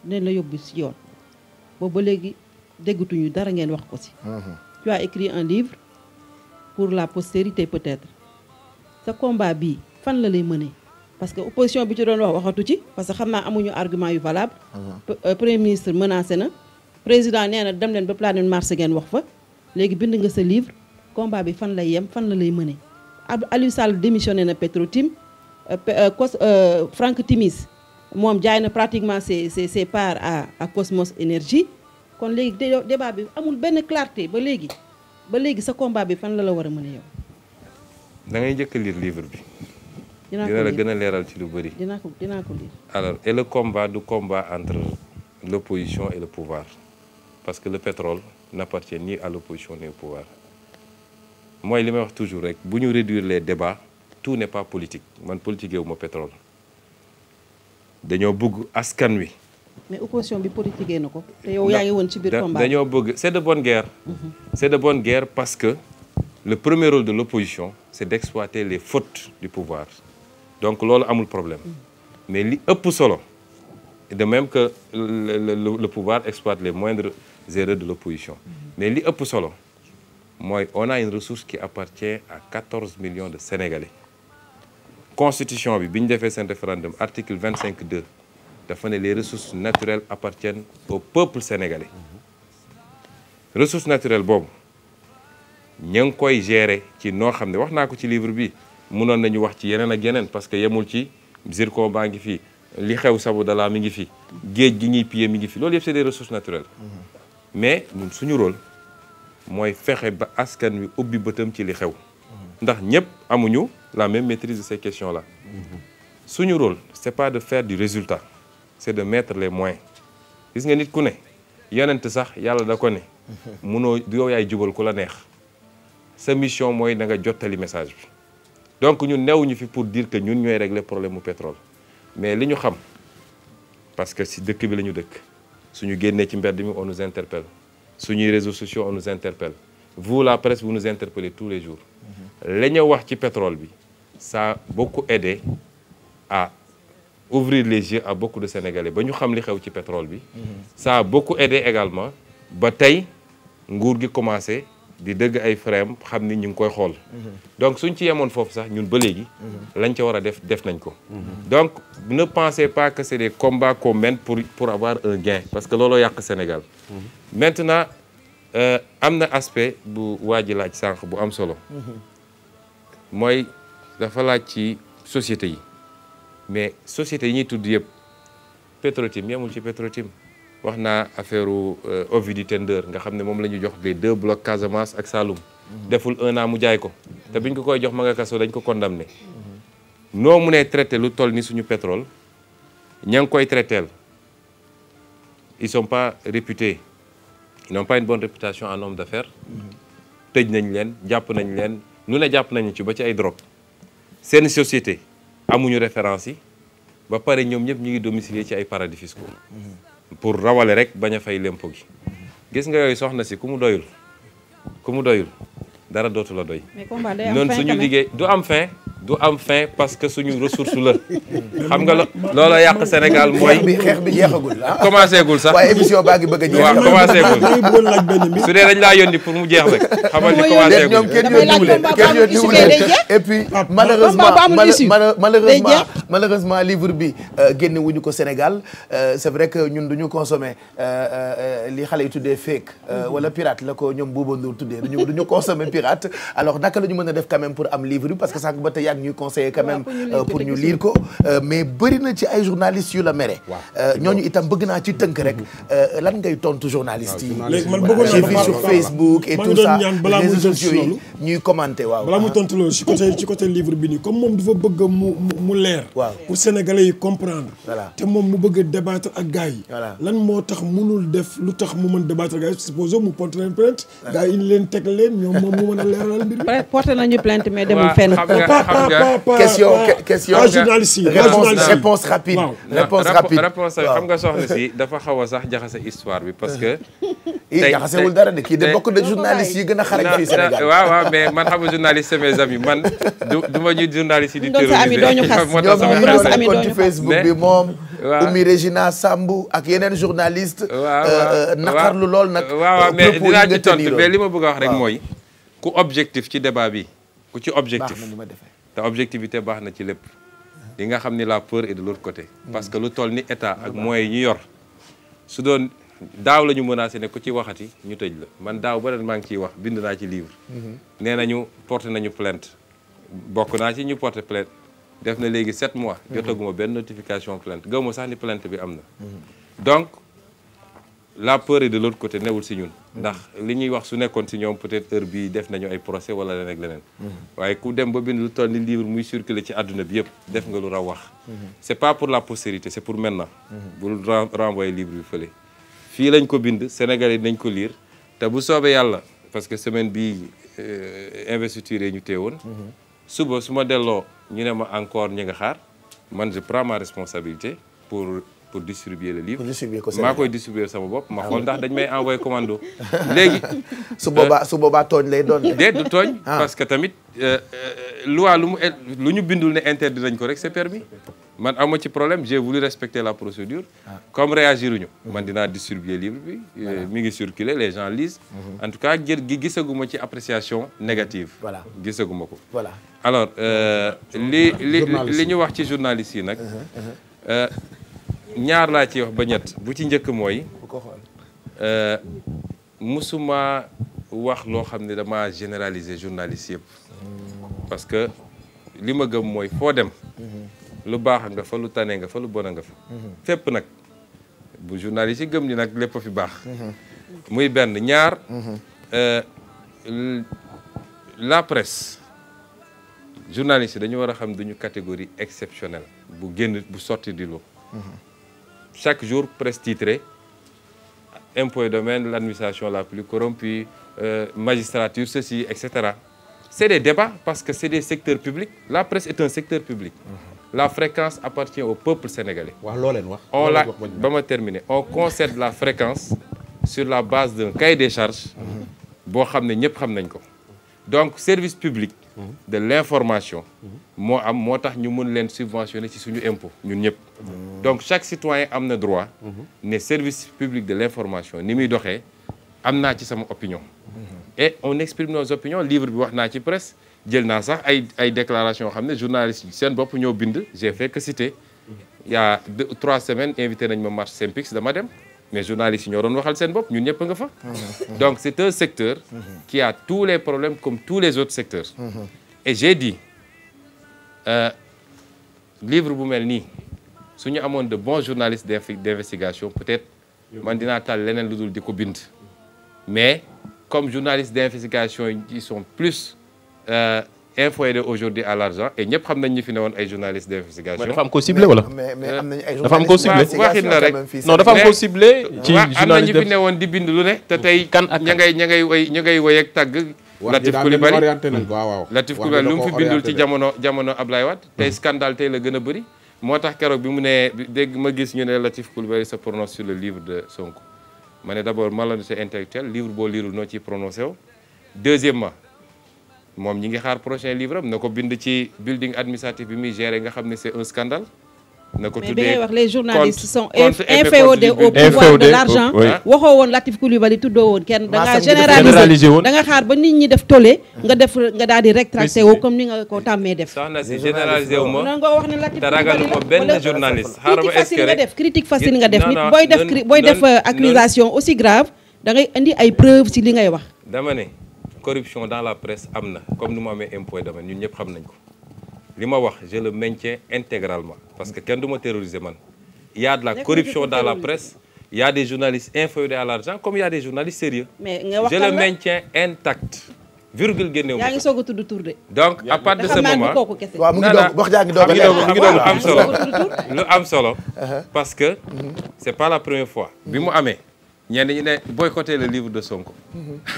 dinañ la yóbbu si yoon boobu ba léegi déggatuñu dara ngeen wax ko si. Mhm. tu as pour la postérité peut-être sa combat bii fan la lay mënee parce que opposition bi ci doon wax waxatu ci parce que xam naa amuñu argument yu valable. Mhm. Euh, premier ministre menacé na. président nee na dem leen ba planète Mars ngeen wax fa léegi bind nga sa livre combat bi fan lay yem fan la lay mënee. Aliou Sall démissionné na Petrotim euh, euh, cos euh, Franck Timis moom jaay na pratiquement ses ses ses parts à à Cosmos Énergie kon léegi débat bi amul benn clarté ba léegi ba léegi sa combat bi fan la la war a mën a yow. da ngay njëkk a lire livre bi. la gën a leeral ci lu bëri. dinaa ko dinaa ko lire. alors le combat du combat entre l'opposition et le pouvoir parce que le pétrole n'appartient ni à l'opposition ni au mooy li may wax toujours rek bu ñu réduire les débat tout n'est pas politique man politique wu ma pétrole dañoo bugg askan wi. mais opposition bi ko. te yow ngi woon ci biir combat dañoo bëgg c'est de bonne guerre. Mhm. c'est de bonne guerre parce que le premier rôle de l'opposition c'est d'exploiter les fautes du pouvoir donc loolu amul problème mhm. mais li ëpp solo de même que le, le, le pouvoir exploite les moindres erreurs de l'opposition mhm. mais li ëpp solo. mooy on a une ressource qui appartient à 14 millions de Sénégalais constitution bi bi ñu defee seen référendum article 25 2 dafa ne les ressources naturelles appartiennent au peuple sénégalais ressource naturelle boobu ña ngi koy gérer ci noo xam ne wax naa ko ci livre bi mënoon nañu wax ci yeneen ak yeneen parce que yemul ci zircon baa ngi fi li xew sabu dalaa mi ngi fi géej gi ñuy piller mi ngi fi loolu yëpp c'est des ressources naturelles mm-hmm. mais ñun suñu rôle mooy fexe ba askan wi ubbi bëtam ci li xew ndax ñëpp amuñu la même maitrise de ces questions là suñu rôle c'est pas de faire du résultat c'est de mettre les moyens gis nga nit ku ne yonent sax yàlla da ko ne munoo yow yaay jubal ku la neex sa mission mooy da nga jottali message bi donc ñun newuñu fi pour dire que ñun ñooy régler problème mu pétrole mais li ñu xam parce que si dëkk bi la ñu dëkk suñu génnee ci mbedd mi on nous interpelle suñuy réseaux sociaux on nous interpelle vous la presse vous nous interpellez tous les jours la ñu wax ci pétrole bi ça bokku beaucoup aidé à ouvrir les yeux à beaucoup de Sénégalais ba ñu xam li xew ci pétrole bi mhm. ça bokku beaucoup également ba tey nguur gi commencé di dëgg ay frèm xam ni ñu ngi koy xool donc suñ ci yemoon foofu sax ñun ba léegi lañ ca war a def def nañ ko donc ne pensez pas que c'est des combats qu'on mène pour pour avoir un gain parce que looloo yàq Sénégal maintenant euh, am na aspect bu waa ji laaj sànq bu am solo mooy dafa laaj ci société yi mais société yi ñuy tudd yëpp Petrotim yemul ci Petrotim wax naa affaire euh, Ovidi Tender nga xam ne moom la ñu jox les deux blocs Casamance ak saalum deful un an mu jaay ko. te biñ ko koy jox ma nga kaso dañ ko condamné. noo munee traité lu toll ni suñu pétrole ña ngi koy traiteel ils sont pas réputé ils n'ont pas une bonne réputation en homme d'affaires. tëj nañ leen jàpp nañ leen nu ne jàpp nañu ci ba ci ay drogue seen société amuñu référence yi ba pare ñoom ñëpp ñu ngi domicilié ci ay paradis fiscaux. pour rawale rek bañ a fay lempo gi gis nga yooyu soxna si ku mu doyul ku mu doyul dara dootul a doy. mais combat day liggéey du am fin. du am fin parce que suñu ressource la xam nga loola yàq Sénégal mooy. xeex bi xeex a jeexagul ah. commencé gul sax waaye émission baa ngi bëgg a jeex. waaw commencé gul su jeex rek xamal ni commencé gul. ñoom kenn yónniwu leen kenn yónniwu leen et puis malheureusement livre bi euh, génne wuñu ko Sénégal euh, c'est vrai que ñun duñu consommer euh, li xale yi tuddee fake mm-hmm. wala pirate la ko ñoom Bouba Ndour tuddee duñu duñu consommer pirate alors naka la ñu mën a def quand même pour am livre parce que sànq ba tey yaa ngi ñuy conseiller quand même pour euh, ko euh, mais bëri ci ay journalistes yu la mere euh, ñooñu itam bëgg naa ci tënk rek mm-hmm. lan ngay tontu journalistes yi j'ai vu sur Facebook et tout ça réseaux sociaux yi ñuy commenter waaw balaa muy tontu loolu ci côté ci côté livre bi nii comme moom dafa bëgg mu mu leer waaw pour sénégalais yi comprendre voilà te moom mu bëgg a ak gars lan moo tax munul def lu tax mu mën débattre ak gars yi supposons mu porte leen plainte gars yi indi leen teg leen ñoom moom mu mën a leeral mbir mi porte nañu plainte mais question ah. question ah, ah, réponse rapide réponse rapide réponse xam nga soxna si dafa xaw a sax jaxase histoire bi parce que i jaxasewul dara de kii de bokk de journaliste yi gën a xarañ fii Sénégal waaw waaw mais man xam nga journaliste c'est mes amis man du du ma ñuy journaliste yi di terroriser ami doñu ci Facebook bi moom Oumy Régina Sambou ak yeneen journaliste euh, euh, naqarlu lool nag waaw euh, mais dinaa ci tontu mais li ma bëgg a wax rek mooy ku objectif ci débat bi ku ci objectif te objectivité baax na ci lépp li nga xam ni la peur est de l'autre côté parce que lu toll ni état ak moyens yi ñu yor su doon daaw la ñu menacé ne ku ci waxati ñu tëj la man daaw ba ren maa ngi ciy wax bind naa ci livre mhm. nee ñu porté nañu plainte bokk naa ci ñu porté plainte def na léegi sept mois mhm. jotaguma benn notification plainte gëw ma sax ni plainte bi am na mhm. donc la peur est de l'autre côté newul si ñun ndax li ñuy wax su nekkoon si ñoom peut-être heure bi def nañu ay procès wala leneen ak leneen mhm. waaye ku dem ba bind lu toll ni livre muy circuler ci àdduna bi yëpp def nga lu raw wax mhm. c'est pas pour la postérité c'est pour maintenant mhm. bul renvoyer libre bi fële fii lañ ko bind Sénégalais nañ ko liir te bu soobee yàlla parce que semaine bii euh, investiture yi ñu teewoon suba su ma delloo ñu ne ma encore ñi nga xaar man je prends responsabilité pour pour distribuer le livre. pour distribuer ko maa koy distribuer sama bopp ma xool ndax dañ may envoyé commando. léegi su boobaa su boobaa tooñ lay doon. déet du tooñ. Ah. parce que tamit euh, euh, lu mu lu ñu bindul ne interdit nañ ko rek c'est permis man amoo ci problème j'ai voulu respecter la procédure. Ah. comme réagir ñu. man dinaa mhm. distribuer livre bi. Euh, mi ngi circuler les gens lisent. Mhm. en tout cas gi gisaguma ci appréciation négative. voilà gisaguma ko. voilà alors li li li ñu wax ci journaliste yi nag. Mhm, ñaar laa ci wax ba ñett bu ci njëkk mooy euh, musuma wax loo xam ne dama généraliser journaliste yëpp parce que li ma gëm mooy foo dem mhm. lu baax nga fa lu tane nga fa lu bon nga fa mhm. fépp nag bu journaliste yi gëm ni nag lépp a fi baax mhm. muy benn ñaar euh, la presse journaliste yi dañu war a xam duñu catégorie exceptionnelle bu génn bu sorti di lu chaque jour presse titrée impôt et domaine l'administration la plus corrompue euh, magistrature ceci etc c'est des débats parce que c'est des secteurs publics la presse est un secteur public mhm. la fréquence appartient au peuple sénégalais on la ba ma terminer on concède la fréquence sur la base d'un cahier des charges mhm. boo xam ne ñëpp xam nañ ko donc service public de l'information moo am moo tax ñu mën leen subventionner ci suñu impôt ñun ñëpp donc chaque citoyen am na droit ne service public de l'information ni muy doxee am naa ci sama opinion et on exprime nos opinions livre bi wax naa ci presse jël naa sax ay ay déclaration yoo xam ne journaliste yi seen bopp ñoo bind j'ai fait que citer trois semaines invité nañ ma marche Synpics dama dem mais journalistes yi ñoo waxal seen bopp ñun ñëpp nga fa. donc c' est un secteur. qui a tous les problèmes comme tous les autres secteurs. et j'ai dit euh, livre bu mel ni su ñu amoon de bons journalistes d' investigation peut-être man dinaa tal leneen lu dul di ko bind. mais comme journalistes d' investigation son plus. Euh, info yi de aujourd'hui à l'argent et ñëpp xam nañ ñi fi ne woon ay journalistes d'investigation. dafa am ko ciblé wala. dafa am ko ciblé waxin la rek. non dafa am ko ci journaliste am na ñi fi ne woon di bind lu ne. te mm. tey mm. mu fi bindul ci jamono jamono Ablaye Wade. Mm. tey scandale tey la gën a bëri. moo tax keroog bi mu ne dégg ma gis ñu ne Latif Coulibaly se prononce sur le livre de Sonko ma ne d'abord malhonnêteté intellectuelle livre boo liirul noo ciy prononcé wu deuxièmement moom ñi ngi xaar prochain livre am na ko bind ci building administratif bi muy géré nga xam ne c'est un scandale mais bi ngay wax les journalistes sont inféodés au pouvoir de l'argent waxoo woon kenn da ngaa généralisé woon da nga xaar ba nit ñi def tollé nga def nga daal di rétracté woo comme ni nga ko tàmmee def soxna si généralisé nga wax ne Latif Coulibaly ragalu ma benn journaliste nga def critique facile nga def nit booy def accusation aussi grave da ngay indi ay preuves si li ngay wax dama ne corruption dans la presse am na comme nu mu amee impôt domaine ñun ñëpp xam nañ ko li ma wax je le maintiens intégralement parce que kenn du ma terroriser man il a de la corruption dans la presse il y a des journalistes inféodés à l'argent comme il y a des journalistes sérieux mais je le maintiens intact virgule génnewu yaa ngi a tudd tur de. donc mu ngi doog am solo lu am solo uh-huh. parce que mm-hmm. c'est pas la première fois bi mu amee ñenn ñi ne boycotter le livre de Sonko.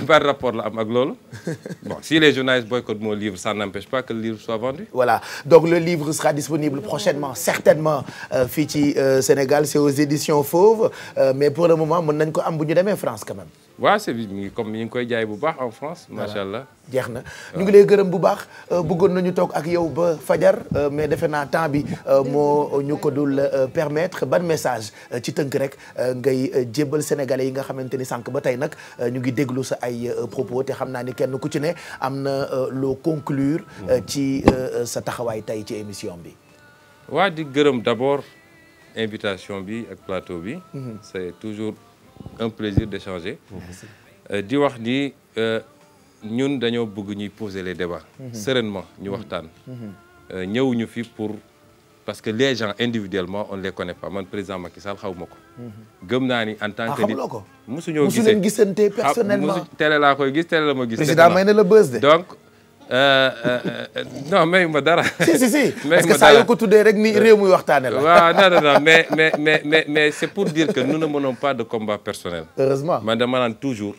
par mhm. rapport la am ak loolu. bon si les journalistes boycottent mon livre ça n'empêche pas que le livre soit vendu. voilà donc le livre sera disponible prochainement certainement euh, fii ci euh, Sénégal c'est aux éditions Fauve euh, mais pour le moment mën nañ ko am bu ñu demee France quand même. waaw c'est comme ñu ngi koy jaay bu baax en France macha allah. jeex na ñu ngi lay gërëm bu baax euh, bëggoon nañu toog ak yow ba fajar euh, mais defe naa temps bi euh, moo ñu ko dul permettre ban message ci tënk rek ngay jébbal sénégalais yi nga xamante ni sànq ba tey nag ñu ngi déglu sa ay propos te xam naa ni kenn ku ci ne am na loo conclure hmm. ci sa taxawaay tey ci émission bi. waa di gërëm d'abord invitation bi ak plateau bi. Hmm. c'est toujours. un plaisir d'échanger. Euh, di wax ni euh, ñun dañoo bëgg ñuy poser les débats. Mhm. sereinement ñu mhm. waxtaan. Mhm. Euh, ñëwuñu fi pour parce que les gens individuellement on les connaît pas man président Macky Sall xaw ma ko. gëm naa ni en tant ah, que nit mosu ñoo gisee mosu leen gisante ah, personnellement. télé koy gis télé la ma gis. président may na la bës de Euh, euh, euh, non mayu ma dara. si si si parce que saa yoo ko tuddee rek ni réew muy waxtaane la. waaw non non non mais mais mais mais mais c' est pour dire que nous ne menons pas de combat personnel. heureusement man dama naan toujours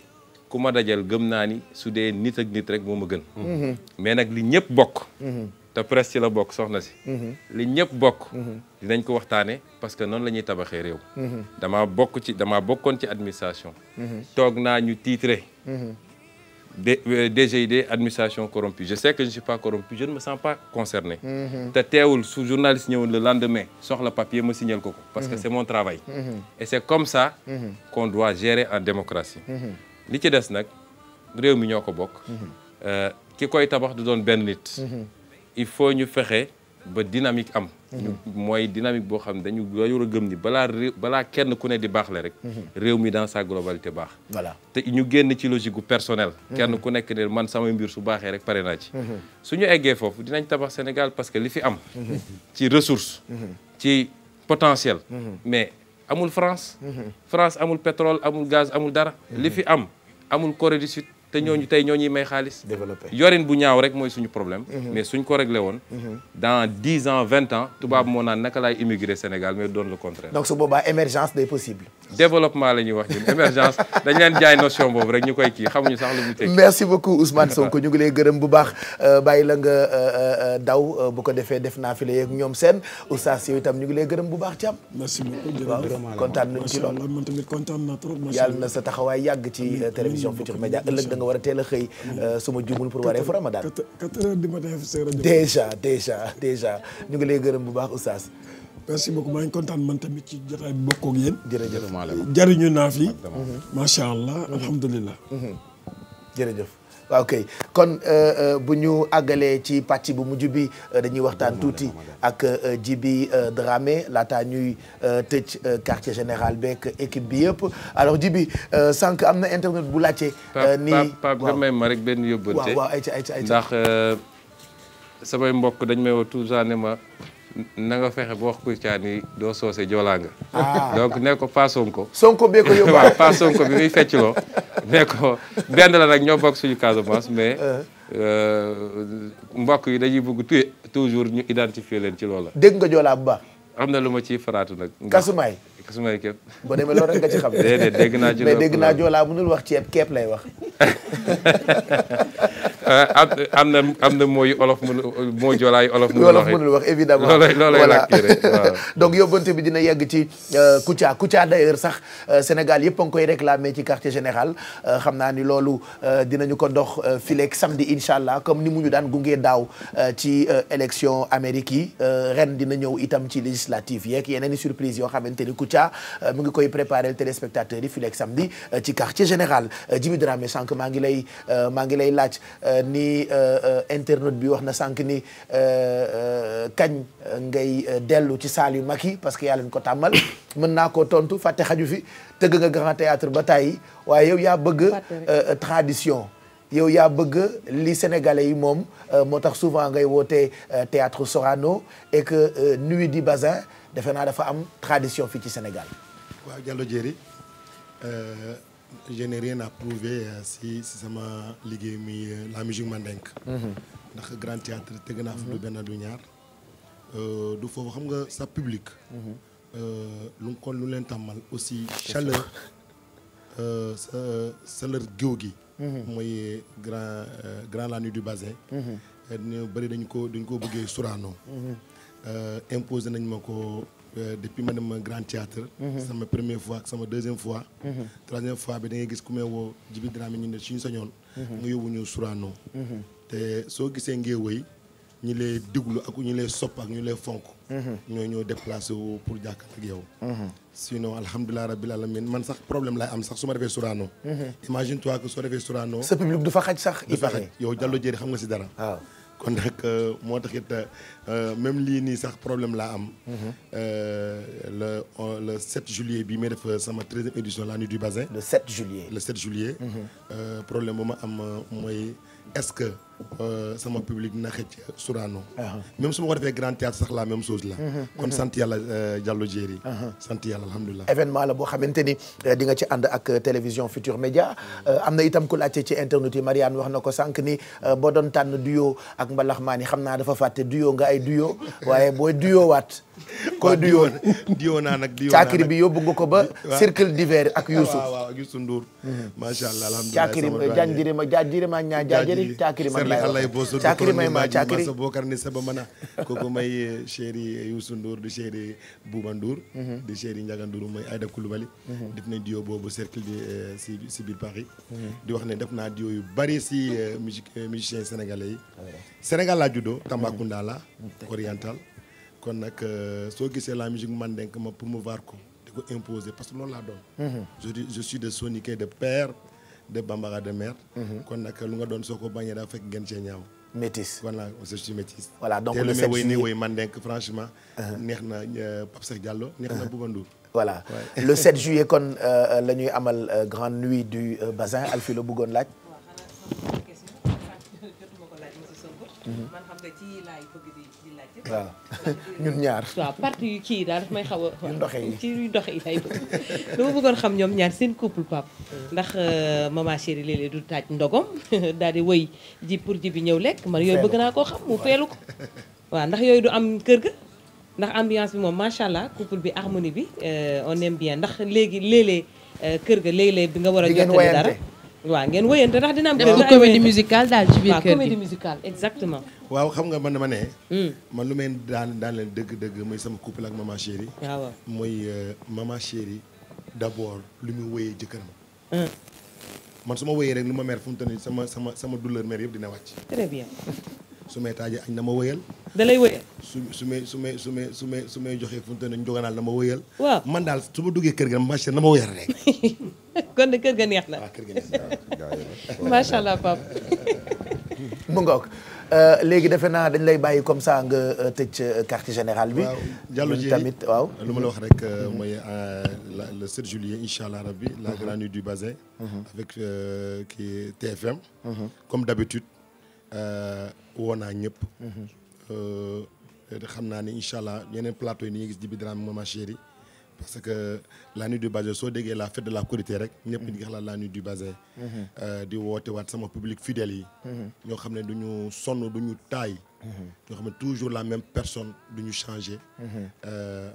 ku ma dajal gëm naa ni su dee nit ak nit rek moo ma gën. Mm-hmm. Mm-hmm. mais nag li ñëpp bokk. Mm-hmm. te presse ci la bokk soxna si. li ñëpp bokk. dinañ ko waxtaane parce que noonu la ñuy tabaxee réew. dama bokk ci damaa bokkoon ci administration. toog naa ñu tiitre. DGID euh, administration corrompue je sais que je ne suis pas corrompu je ne me sens pas concerné mhm. te teewul su journaliste ñëwoon le lendemain soxla papier ma signal ko ko parce que mhm. c'est mon travail mhm. et c'est comme ça qu'on doit gérer en démocratie li ci des nag réew mi ñoo ko bokk euh, ki koy tabax du doon benn nit il faut ñu fexe ba dynamique am Mmh. mooy dynamique boo xam ne dañu war a gëm ni balaa balaa kenn ku ne di baax la rek. Mmh. réew mi dans sa globalité baax. voilà te ñu génn ci logique gu personnel. Mmh. kenn ku nekk ne man samay mbir su baaxee rek pare naa ci. su ñu eggee foofu dinañ tabax Sénégal parce que li fi am. ci ressource. ci potentiel. mais amul France. France amul pétrole amul gaz amul dara. li fi am amul Corée du Sud. te ñooñu tey ñoo ñuy may xaalis. développé yorin bu ñaaw rek mooy suñu problème. Mhm. mais suñ ko réglé woon. Mhm. dans dix ans vingt ans tubaab moo naan naka laay immigré Sénégal mais doon le contraire. donc su boobaa émergence day possible. développement la ñuy wax ñun émergence dañ leen jaay notion boobu rek ñu koy kii xamuñu sax lu mu merci beaucoup Ousmane Sonko ñu ngi lay gërëm bu baax euh, bàyyi la nga euh, euh, daw bu ko defee def naa fi la yeeg ñoom seen oustaz yow itam ñu ngi lay gërëm bu baax Thiam. merci beaucoup nga war a teel a xëy euh, su ma jumul pour waree fu Ramadan quatre heures du matin déjà déjà déjà ñu ngi lay gërëm bu baax oustaz merci beaucoup maa ngi kontaan man tamit ci jotaay bi bokk ak yéen jërëjëf jëriñu naa fi macha allah mhm. alhamdulilah mhm. jërëjëf waaw ah, kay kon euh, euh, bu ñu àggalee ci pàcc bu mujj bi euh, dañuy waxtaan tuuti ak Djiby Dramé laata ñuy tëj quartier général beeg équipe bi yëpp alors Djiby sànq am na internet bu laajte. ni Pape nga may ma rek benn yóbbante. waaw waaw ayca ayca ayca ndax samay mbokk dañ may woo toujours ma. na fexe ba wax Kouthia ni doo soose joolaa ah. donc ne ko pas Sonko. Sonko bee ko yóbbaale waaw pas Sonko bi muy fecceloo. ne ko benn la nag ñoo bokk suñu Casamance mais. Eh. Euh, mbokk yi dañuy bugg tuye toujours ñu identifier leen ci loola. dégg nga joolaa bu baax. am na lu ma ciy faraatu nag. kasumaay kasumaay képp. boo demee loolu rek nga ci xam. déedéet dégg ci mais dégg naa joolaa mënul wax ceeb képp lay wax. Euh, am na am na mooy olof mënu moo jolaay olof mënul wax évidemment voilà donc yóbbante bi dina yegg ci euh, Kouthia Kouthia d'ailleurs sax euh, Sénégal yëpp a ngi koy réclamer ci quartier général xam naa ni loolu dinañu ko dox fileeg samedi incha allah comme ni mu ñu daan gunge daaw ci élection Amérique yi ren dina ñëw itam ci législative yeeg yeneen i surprise yoo xamante ni Kouthia mu ngi koy préparer téléspectateurs yi fileeg samedi ci quartier général Djiby Dramé sànq maa ngi lay maa ngi lay laaj Euh, ni euh, euh, internet bi wax na sànq ni kañ ngay dellu ci saal yu mag yi parce que yaa leen ko tàmmal mën naa koo tontu fàtte xaju fi tëgg nga grand théâtre ba tàyyi waaye yow yaa bëgg tradition yow yaa bëgg li sénégalais yi moom moo tax souvent ngay wootee théâtre Sorano et que nuit du Bazin defe naa dafa am tradition fii ci Sénégal je n'ai rien à prouver euh, si sama liggéey muy euh, la musique ma ndenk mhm. ndax grand théâtre tëgg naa fa mhm. du benn du ñaar euh, du foofu xam nga sa public mhm. lu kon lu leen tàmmal aussi chaleur sa chaleur géew gi mooy grand grand la du bassin ñu bëri dañ ko dañ ko bëggee suraanoo imposé nañ ma ko Euh, depuis ma dem grand théâtre mhm. sama première fois ak sama deuxième fois mhm. troisième fois bi da ngay gis ku may woo Djiby Dramé ñu ne suñu sañoon mhm. nga yóbbu ñu Sorano te soo gisee Ngéwëy ñi lay déglu ak ñu lay sopp ak ñu lay fonk ñoo ñoo déplacé wu pour jàkkaar ak yow sinon alhamdulilah rabbil alamin man sax problème laay am sax su ma defee Sorano imagine toi que soo defee Sorano sa public du fa xaj sax du fa xaj xam nga si dara kon nag euh, moo tax it euh, même lii nii sax problème laa am. Mhm. Euh, le le 7 juillet bi may def sama treizième édition la nuit du bassin. le le 7 juillet. Mhm. problème bu ma am mooy est-ce que. Euh, sama public na xëcc Sorano même su ma ko defee grand théâtre sax la même chose la mhm, mhm. kon sant yàlla euh, Diallo Diéry sant yàlla alhamdulilah événement la boo xamante ni euh, di nga ci ànd ak télévision Futur Média am na itam ku laajte ci internet yi Marianne wax na ko sànq ni boo doon tànn duo ak mbalax maan yi xam naa dafa fàtte duo nga ay duo waaye boo duo waat kon di yoon di yoonaa nag di caakiri bi yóbbu nga ko ba cercle d'hiver ak ah, Youssou waaw waaw Youssou Ndour mhm. macha allah alhamdulilah caakiri janjiri ma janjiri ma ñaa janjiri caakiri ma allah boso caakiri ma caakiri eh, eh, eh, mhm. mhm. boobu cercle di si Paris di wax ne def naa duo yu bari si musique musicien yi ah Sénégal laa juddoo Tambacounda la oriental kon nag euh, soo gisee la musique mandenk ma promouvoir ko di ko imposer parce que loolu laa doon. Mhm. je dis je suis de soninké de père de bambara de mère. Mhm. kon nag lu nga doon soo ko bañee daa fekk ngeen cee ñaaw. métis voilà je suis donc le juillet uh-huh. na euh, Pape Cheikh Diallo neex na uh-huh. Bouba Ndour. voilà ouais. le 7 juillet kon euh, la ñuy amal grande nuit du euh, bassin Alfie laaj. Mhm. man xam nga ci laay bëgg ñun ñaar. waaw parti yu kii daal daf may xaw a. yu ndox yi ci yu ndox yi laay bëgg. dama bëggoon xam ñoom ñaar seen couple pap ndax euh, maman chérie léelée léeg du taaj ndogom daal di wëy ji pour ji bi ñëw lekk man yooyu bëgg naa koo xam mu feelu ko. waaw ndax yooyu du am kër ga. ndax ambiance bi moom macha allah couple bi harmonie bi euh, on aime bien ndax léegi léeg euh, kër ga léeg-léeg bi nga war a. jottali dara waaw ngeen wëyante ndax dina am. def ko comédie musicale daal ci biir waaw xam nga man dama ne. Hmm. man lu may daal daal leen dëgg-dëgg mooy sama couple ak maman chérie. Ah, waaw mooy euh, maman chérie d'abord lu muy wëyee jëkkëram. Hmm. man su ma woyee rek lu ma mer fu mu toll sama sama sama douleur yëpp dina wàcc. très su may taajee añ na ma wëyal. da wëyal. su su may su may su may su may su may joxee funte nañ joganaal na ma wëyal. waaw man daal su ma duggee kër ga macha na ma wëyal rek. na. waaw kër ga ah, allah Pape. mu ngoog euh, léegi defe naa dañ lay bàyyi comme ça nga euh, tëj euh, quartier général bi. waaw jàllu ji tamit lu ma la wax rek mooy le 7 juillet incha allah rabbi la mhm. grande nuit du Bazin. Mhm. avec kii TFM. Mhm. comme d'habitude Euh, woo naa ñëpp. Euh, xam naa ni incha allah yeneen plateau yi ni ñuy gis Djiby Dramé Mama Chérie parce que la nuit du Bazin soo déggee la fête de la Korité rek. ñëpp ñu ngi xalaat la nuit du Bazin. Euh, di woote waat sama public fidèle yi. ñoo xam ne du ñu son du ñu taay. ñoo xam ne toujours la même personne du ñu changer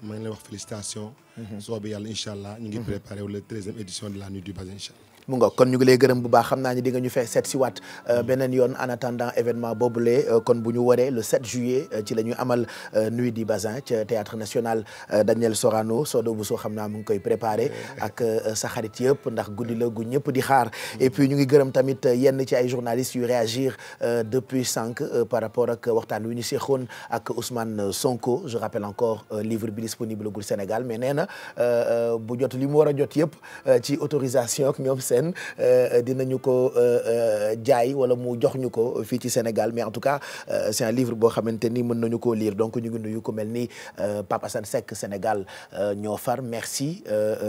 ma ngi lay wax félicitation. Mhm. soo bi yàlla incha allah ñu ngi préparé la treizième édition de la nuit du Bazin incha allah. mu nga kon ñu ngi lay gërëm bu baax xam naa ni di nga ñu fee seet si waat euh, beneen yoon en attendant événement boobule euh, kon bu ñu waree le 7 juillet euh, ci la ñuy amal nuit du Bazin ca théâtre national Daniel Sorano Sodo Bousso xam naa mu ngi koy préparé ak sa xarit yëpp ndax guddi la gu ñëpp di xaar mm. et puis ñu ngi gërëm tamit yenn ci ay journalistes yu réagir depuis cinq par rapport ak waxtaan wi ñu seexoon ak Ousmane Sonko je rappelle encore livre bi disponible Sénégal mais nee na bu jot li mu jot yëpp ci certaine euh, ñu ko euh, euh, jaay wala mu jox ñu ko fii ci Sénégal mais en tout cas c'est un livre boo xamante ni mën nañu ko lire donc ñu ngi nuyu ko mel ni Pape Assane Seck Sénégal ñoo far merci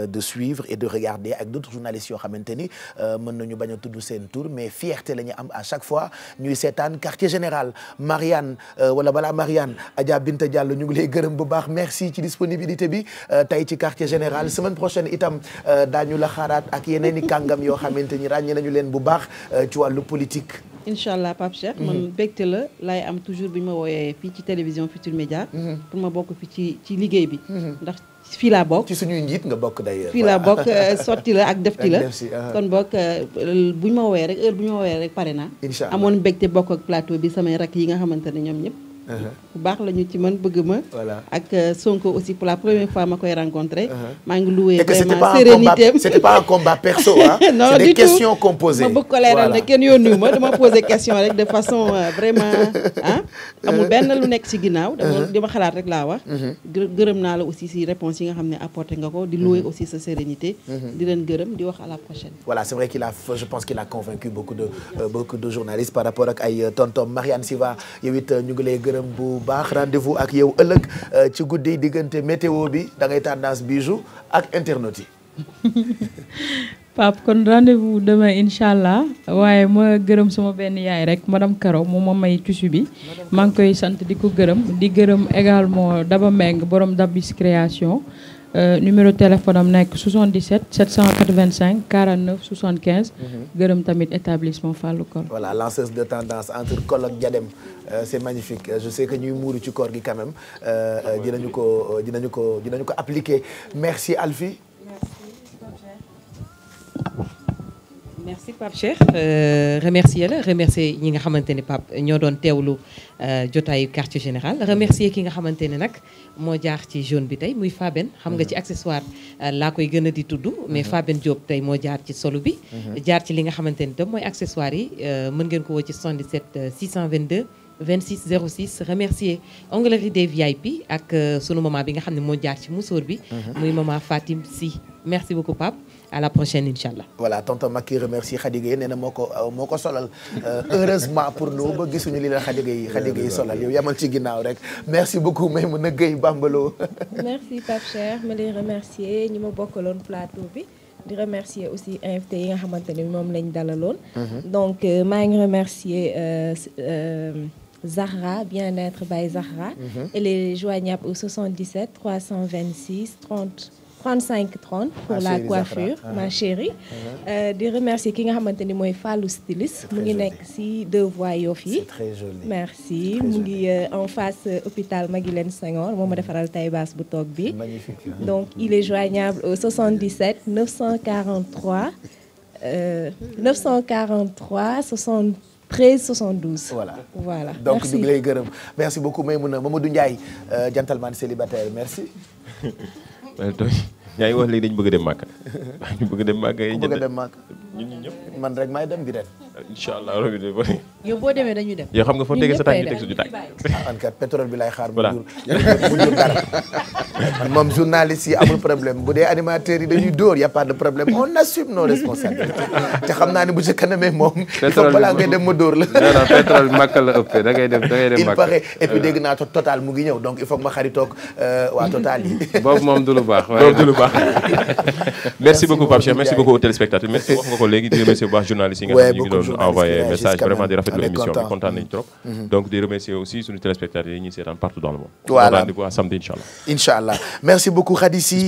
de suivre et de regarder ak d'autres journalistes yoo xamante ni mën nañu bañ a tudd seen tour mais fierté la ñu am à chaque fois ñuy seetaan quartier général Marianne wala balaa Marianne Adja Binta Diallo ñu ngi lay gërëm bu baax merci ci disponibilité bi tey ci quartier général semaine prochaine itam yoo xamante ni ràññee nañu leen bu baax euh, ci wàllu politique. incha allah Pape Cheikh man mhm. bégte la laay am toujours bu ñu ma wooyee fii ci télévision Futur Média mhm. pour ma bokk fi ci ci liggéey bi mhm. ndax fii laa bokk ci suñuy njiit nga bokk d'ailleurs fii laa bokk euh, sotti la ak defti la uh-huh. kon bokk euh, bu ñu ma wooyee rek heure bu ñu ma wooyee rek pare naa amoon bégte bokk ak plateau bi samay rakk yi nga xamante ñoom ñëpp Uh-huh. baax la ci man bëgg ma. ak euh, Sonko aussi pour la première fois ma koy rencontré. Uh-huh. maa ngi loué sérénité ma bëgg ko leeral ne kenn yónniwu ma dama posé question rek de façon euh, vraiment ah amul euh. benn lu nekk ci ginnaaw. dama uh-huh. xalaat rek laa wax. gërëm naa la aussi ci réponse yi nga xam ne apporté nga ko di loué aussi sa sérénité. di leen gërëm di wax à la prochaine. voilà c'est vrai qu'il a je pense qu'il a convaincu beaucoup de beaucoup par rapport ak ay gërëm bu baax rendez-vous ak yow ëllëg euh, ci guddi diggante météo bi da ngay tendance bijou ak internet yi. Pape kon rendez-vous demain allah waaye ma gërëm sama benn yaay rek madame Karo mu ma may tissu bi maa koy sant di ko gërëm di gërëm également Daba Meng borom Dabis Création. Euh, numéro téléphone am nekk 77 785 49 75. gërëm tamit établissement Fallou Koll. voilà lanceuse de tendance entre Koll ak Diadem euh, c' est magnifique euh, je sais que ñuy muuru ci koor gi quand même dinañu ko dinañu ko dinañu ko appliquer merci Alfie. merci. merci Pape Cheikh euh, remercier la remercier ñi nga xamante ne Pape ñoo doon teewlu euh, jotaayu quartier général remercier ki nga xamante ne nag moo jaar ci jaune bi tey muy Faben xam nga ci mhm. accessoire euh, laa koy gën di tudd mais mhm. Faben Diop tey moo jaar ci solo bi mhm. jaar ci li nga xamante ne tam mooy accessoire yi mën ngeen ko woo ci 77 622 26 06 remercier onglerie des VIP ak sunu maman bi nga xam ne moo jaar ci musóor bi muy maman Fatim Sy merci beaucoup à la prochaine incha allah. voilà tonton Macky remercie Khady Gueye nee moo ko moo ko solal euh, heureusement pour nous ba gisuñu li la Khady Gueye Khady Gueye solal yow yamal ci ginnaaw rek merci beaucoup Maimouna Gueye Bambalo. merci Pape Cheikh ma lay remercier ñi ma bokkaloon plateau bi. di remercier aussi invité yi nga xamante ni moom lañ dalaloon. Mhm. donc euh, maa ngi remercier euh, Zahra bien-être by Zahra. Mhm. elle est joignable au 77 326 30. 35 30 pour ma ah, la coiffure ah. ma chérie ah euh, di remercier ki nga xamante ni mooy Fallou styliste mu ngi nekk si deux voies Yoff yi merci mu ngi euh, en face euh, hôpital Maguilène Senghor moom ma defaral taille basse bu toog bi donc il est joignable au 77 943 euh, 943 60 13 72. voilà voilà donc ñu ngi lay gërëm merci beaucoup Maymouna Mamadou Ndiaye euh, gentleman célibataire merci. yaa ngi wax léegi dañu bëgg a dem Màkka. ñu bëgg a dem Màkka yi jënd bëgg dem Màkka. ñun ñëpp man rek maay dem di ren. incha allah rabi de bëri. yow boo demee dañuy dem. yow xam nga foo tege sa tànk teg suñu tànk. ah bi lay xaar. voilà bu ñu dara. man moom journaliste yi amul problème bu dee animateurs yi dañuy dóor y' a pas de problème on assume nos responsabilités te xam naa ne bu ci kanamee moom. la. non non pétrole bi màkk la ëppee da ngay dem da il mu ngi ñëw donc il faut que ma xaritoog euh, waa total yi. boobu moom du lu baax. boobu du lu baax. merci beaucoup Pape Cheikh merci beaucoup aux téléspectateurs merci wax nga ko léegi di remercier bu baax journaliste yi nga xam ne ñu ngi doon envoyé message vraiment di rafetlu émission bi kontaan nañu trop. Mhm. Mhm. donc di remercier aussi suñu téléspectateurs yi ñuy seetaan partout dans le monde. voilà rendez-vous à samedi incha allah. incha allah merci beaucoup Khady Sy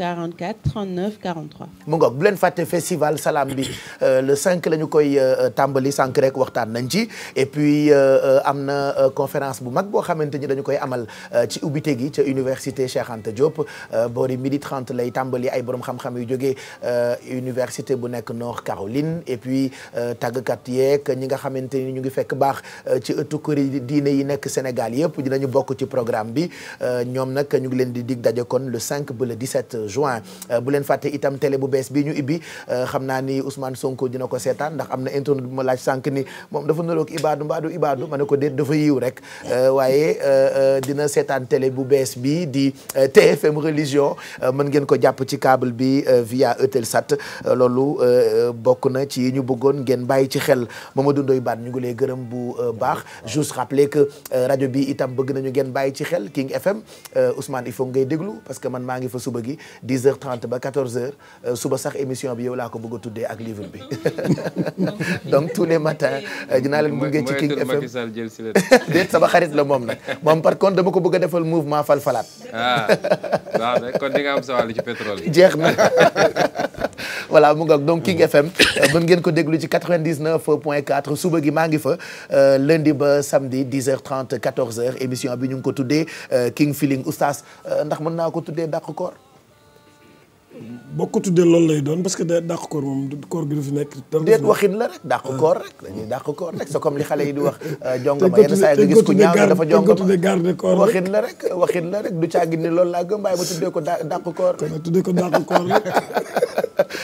44 39 43. mu ngoog bu leen fàtte festival salaam bi euh, le 5 la ñu koy euh, tàmbali sànq rek waxtaan nañ ci et puis euh, am na conférence bu mag boo xamante ni dañu koy amal ci ubbite gi ca université Cheikh Anta Diop boori midi 30 lay tàmbali ay borom xam-xam yu jógee université bu nekk Nord Caroline et puis tàggkat yeeg ñi nga xamante ni ñu ngi fekk baax ci ëttu këri diine yi nekk Sénégal yëpp dinañu bokk ci programme bi ñoom nag ñu ngi leen di dig daje kon le 5 ba le 17 juin euh, bu leen fàtte itam tele bu bees bi ñu ibbi euh, xam naa ni Ousmane Sonko dina ko seetaan ndax am na internet bu ma laaj sànq ni moom dafa naroog ibaadu mbaadu ibaadu ma ne ko déet dafa yiw rek euh, waaye dina seetaan tele bu bees bi di TFM religion man ngeen ko jàpp ci câble bi via sat loolu bokk na ci ñu bëggoon ngeen bàyyi ci xel Mamadou Ndoye Bane ñu ngi lay gërëm bu baax juste rajo bi itam bëgg nañu ngeen bàyyi ci xel King FM Ousmane il foog ngay déglu parce que man maa ngi fa suba gi 10 heures 30 ba 14 heures euh, suba sax émission bi yow laa ko bëgg a ak livre bi donc tous les matins euh, dinaa leen gunge ci King FM déet sama xarit la moom nag moom par contre dama ko bëgg a defal mouvement falfalaat ah waaw kon jeex na voilà mu ngoog donc King FM mm. euh, mën ngeen ko déglu ci 99 point 4 suba gi maa ngi fa lundi ba samedi 10h30 14h émission bi ñu ngi ko tuddee King Feeling oustaz ndax mën naa ko tuddee dàq koor boo ko tuddee loolu lay doon parce que day dàq koor moom koor gi du fi nekk. déet waxin la rek dàq koor rek dañuy dàq koor rek di wax. Euh, jongama yenn saa dafa jongama te garde koor waxin la rek waxin la rek du caagin ni lool laa gëm waaye ma tuddee ko dàq koor rek. ma tuddee ko dàq koor rek.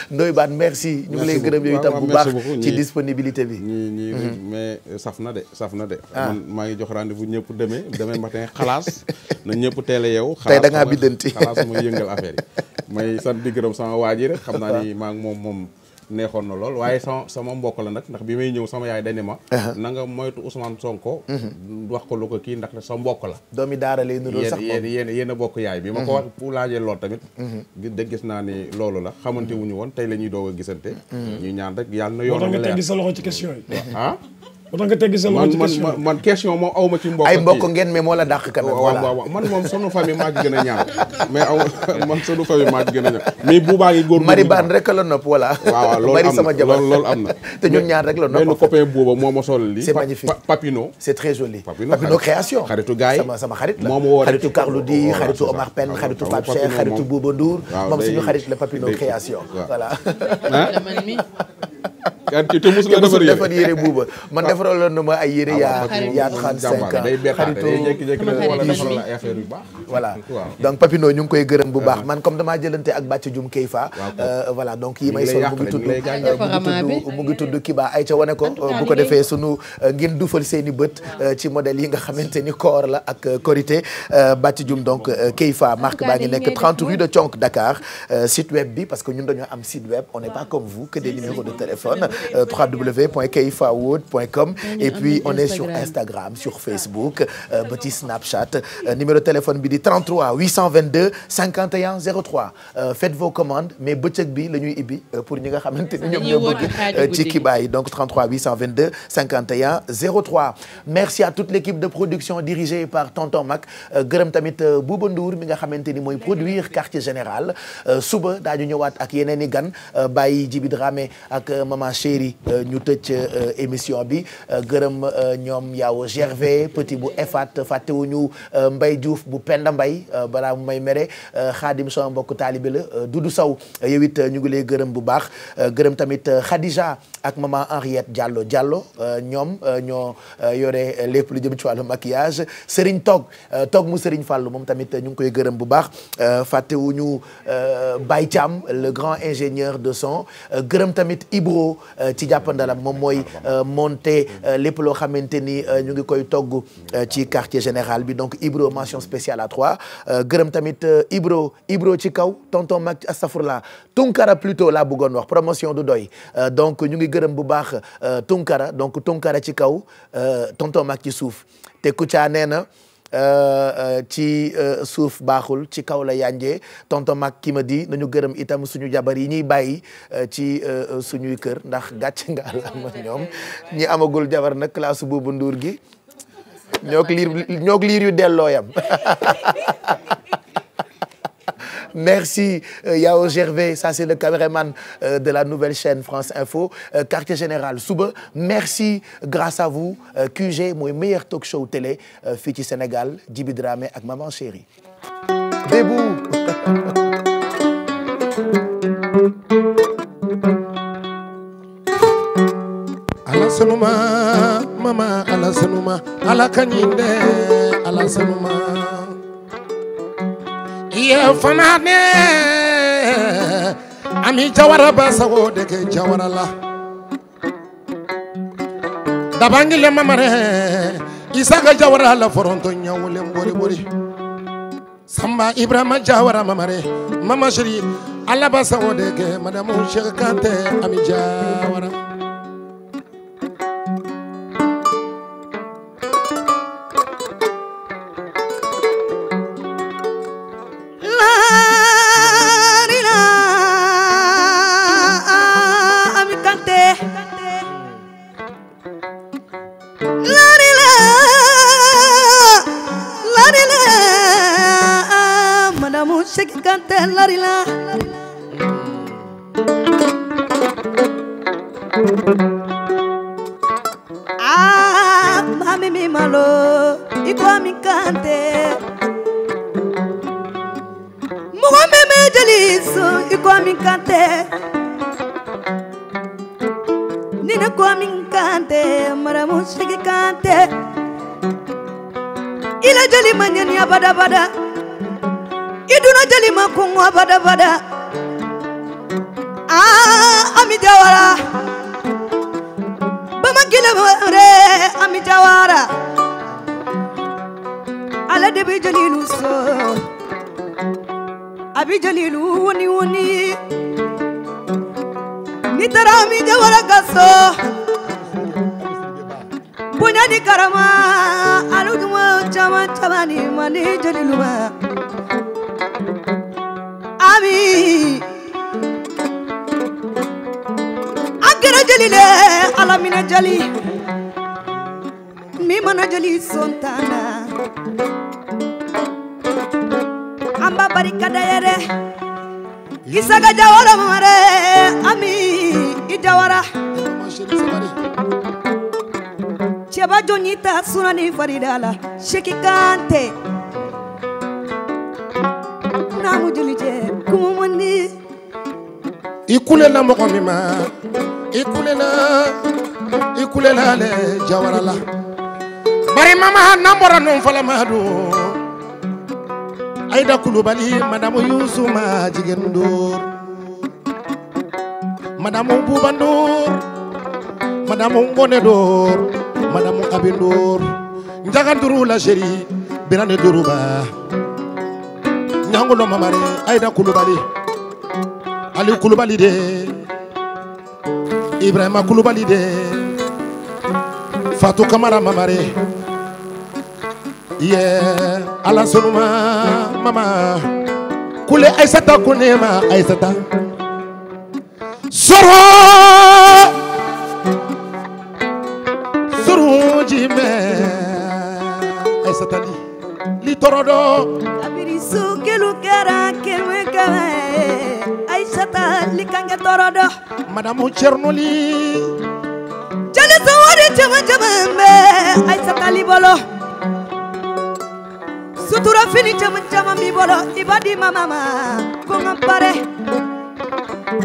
Ndoye Bane merci. ñu ngi lay gërëm yow itam bu baax ci disponibilité bi. ñu ñii mhm. mais euh, saf na de saf na de. Ah. man maa ngi jox rendez-vous ñëpp demee demee matin xalaas na ñëpp teel a yeew. xalaas mooy yëngal affaire yi sant di gërëm sama waa ji rek xam naa ni maa moom moom neexoon na lool waaye sama sama mbokk la nag ndax bi may ñëw sama yaay dañ ma uh-huh. nanga nga moytu Ousmane Sonko uh-huh. wax ko lu ko kii ndax sa mbokk la doomi daara lay nuroo sax yéen yéen yéen bokk yaay bi ma ko uh-huh. wax pour laajee lool tamit de gis naa ni loolu la xamante wuñu woon tey la ñuy doog a gisante ñu ñaan rek yàlla na yoon a teggi sa loxo ci question yi ah? ba nga tegg man man question moom aw ma ci mbokk ay mbokk ngeen mais moo la dàq quand même voilà waaw waaw man moom sunu famille maa gën a ñaaw mais aw man sunu famille maa ci a ñaaw mais bu ngi góor mari baan rek la nopp voilà mari sama jabar loolu te ñun ñaar rek la nopp benn copain booba moo ma sol lii c'est magnifique papino c'est très joli papino création xaritu gars sama sama xarit la moom woo xaritu Carlou D xaritu Omar Pène xaritu Pape Cheikh xaritu Bouba Ndour moom suñu xarit la papino création voilà te te mosul defar yére buuba man ah. defaraloon na ma ay yére ah, yaa yaa trente-cinq ans xaritoo voilà donc Papino ñu koy gërëm bu ah. baax man comme damaa jëlante ak bàcc jum kay fa euh, voilà donc yi may mu ngi tudd mu ngi tudd Kiba ay euh, bu ko defee sunu euh, ngeen duufal seen i bët ci yi nga xamante ni koor la ak korité bàcc jum donc kay fa marque baa ngi nekk 30 rue de Thionk Dakar site web bi parce que ñun dañoo am site web on n'est pas comme vous que des de téléphone téléphone euh, www.keifawood.com et puis on est sur Instagram sur Facebook euh, petit Snapchat euh, numéro téléphone bi di faites vos commandes mais bëccëg bi la ñuy ibbi pour ñi nga xamante ni ñoom ñoo bëgg ci kibaay yi donc merci à toute l'équipe de production dirigée par Tonton Mac gërëm tamit Bouba Ndour mi nga xamante ni mooy produire quartier général suba daañu ñëwaat ak yeneen i gan bàyyi Jibi Dramé ak ma chérie euh, ñu tëj euh, émission bi euh, gërëm ñoom yaw Gervais petit bu efat fàttewuñu Mbay Diouf bu Penda Mbay balaa mu may mere Xaadim sama mbokk taalibe la Dudu Saw yow it ñu ngi lay gërëm bu baax gërëm tamit Khadija ak maman Henriette jàllo Diallo ñoom ñoo yore lépp lu jëm ci wàllu maquillage Serigne Toog Toog mu Serigne Fallou moom tamit ñu ngi koy gërëm bu baax fàttewuñu Baye Thiam le grand ingénieur de son gërëm tamit Ibro Sow euh, ci jàppandalam moom mooy euh, monter euh, lépp loo xamante ni ñu ngi koy togg ci quartier général bi donc Ibro mention spéciale à trois gërëm tamit Ibro Ibro ci kaw tonton Mag astafurla Tunkara plutôt la bëggoon wax promotion du doy donc ñu ngi gërëm bu baax Tunkara donc Tunkara ci kaw tonton Mag ci suuf te Kouthia nee na Euh, euh, ci euh, suuf baaxul ci kaw la yànjee tonton mag ki ma di nañu gërëm itam suñu jabar yi ñuy bàyyi ci suñuy kër ndax gàcc nga alama ñoom ñi amagul jabar nag classe boobu nduur gi ñook liir yu delloo yam merci euh, Yao Gervais ça c'est le caméraman euh, de la nouvelle chaîne France Info euh, quartier général suba merci grâce à vous QG mooy meilleur talk show télé fii ci Sénégal Djiby Dramé ak Maman Chérie debout ala sanuma mama ala sanuma ala kañinde ala sanuma yow fana ne ami jawara ba sago jawara la dabangile mamare isaka jawara la foronto ñawule mbori bori samba ibrahima jawara mamare mama shiri alla ba sago dege madamu cheikh kante ami jawara diggante lari la ah mami mi malo iko mi kante mogo meme jaliso iko mi kante nina ko mi kante maramu shiki kante ila jali manyani abada bada, iduna jalima kungo bada bada ah ami jawara bama gila re ami jawara ala debi jalilu so abi jalilu woni woni nitara ami jawara gaso bunyani karama alugma chama chama ni mani jalilu ma ami agara jali le alamina jali mi mana jali sontana amba barikada yere isaga jawara mare ami ijawara cɛba jɔn y'i ta sunani farida la seki kante naa mu julli ceeb ku mu mën ni ikulela mɔgɔ min ma le jawara bari mama n'an bɔra nun fɔlɔ ma don ayida kulubali madamu yusu ma jigin don madamu buban don madamu bɔnɛ don madamu kabin don njaga duuru la seri birane duuru jankolo mamari ayida kulubali ali kulubali de ibrahima kulubali de fatu kamara mamari ye ala sonuma mama kule aisata kunema aisata soro surunji me aisata li torodo kabiri sukelu kera kelwe kawe aishata likange torodo madamu chernoli jale sawari jama jama me aishata libolo sutura fini jama jama mi bolo ibadi mama ma konga pare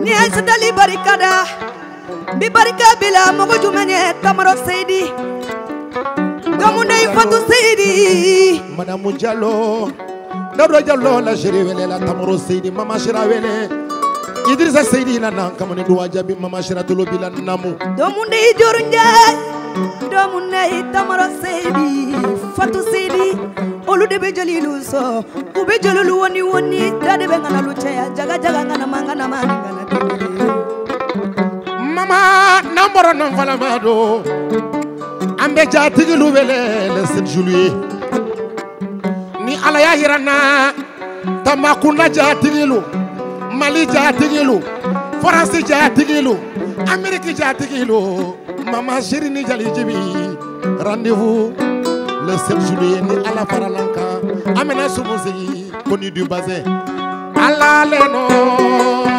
ni aishata li barikada mi barika bila mogo jumene tamaro seidi doomu ndey Fatou Seydi madamu Diallo Dawda Diallo la chéri wele la tamaro Seydi mama chéra wele Idrissa Seydi la nan kamane duwa jabi mama chéra tolo bi la namu doomu ndey Dior doomu ndey tamaro Seydi Fatou Seydi olu de be jolilu so u be jololu woni woni da de be ngana lu caya jaga jaga ngana mangana mani ngana mama namboro non falama do ambejatigi luwele le 7 juillet ni ala y'a yira n na Tambacounda jatigi Mali jatigi lu Faransi jatigi lu Amérique jatigi lu Mama Chérie ni Jali Jibi rendez-vous le 7 ni ala faralan kan an bɛna sumu sigi Koni du Bazin ala le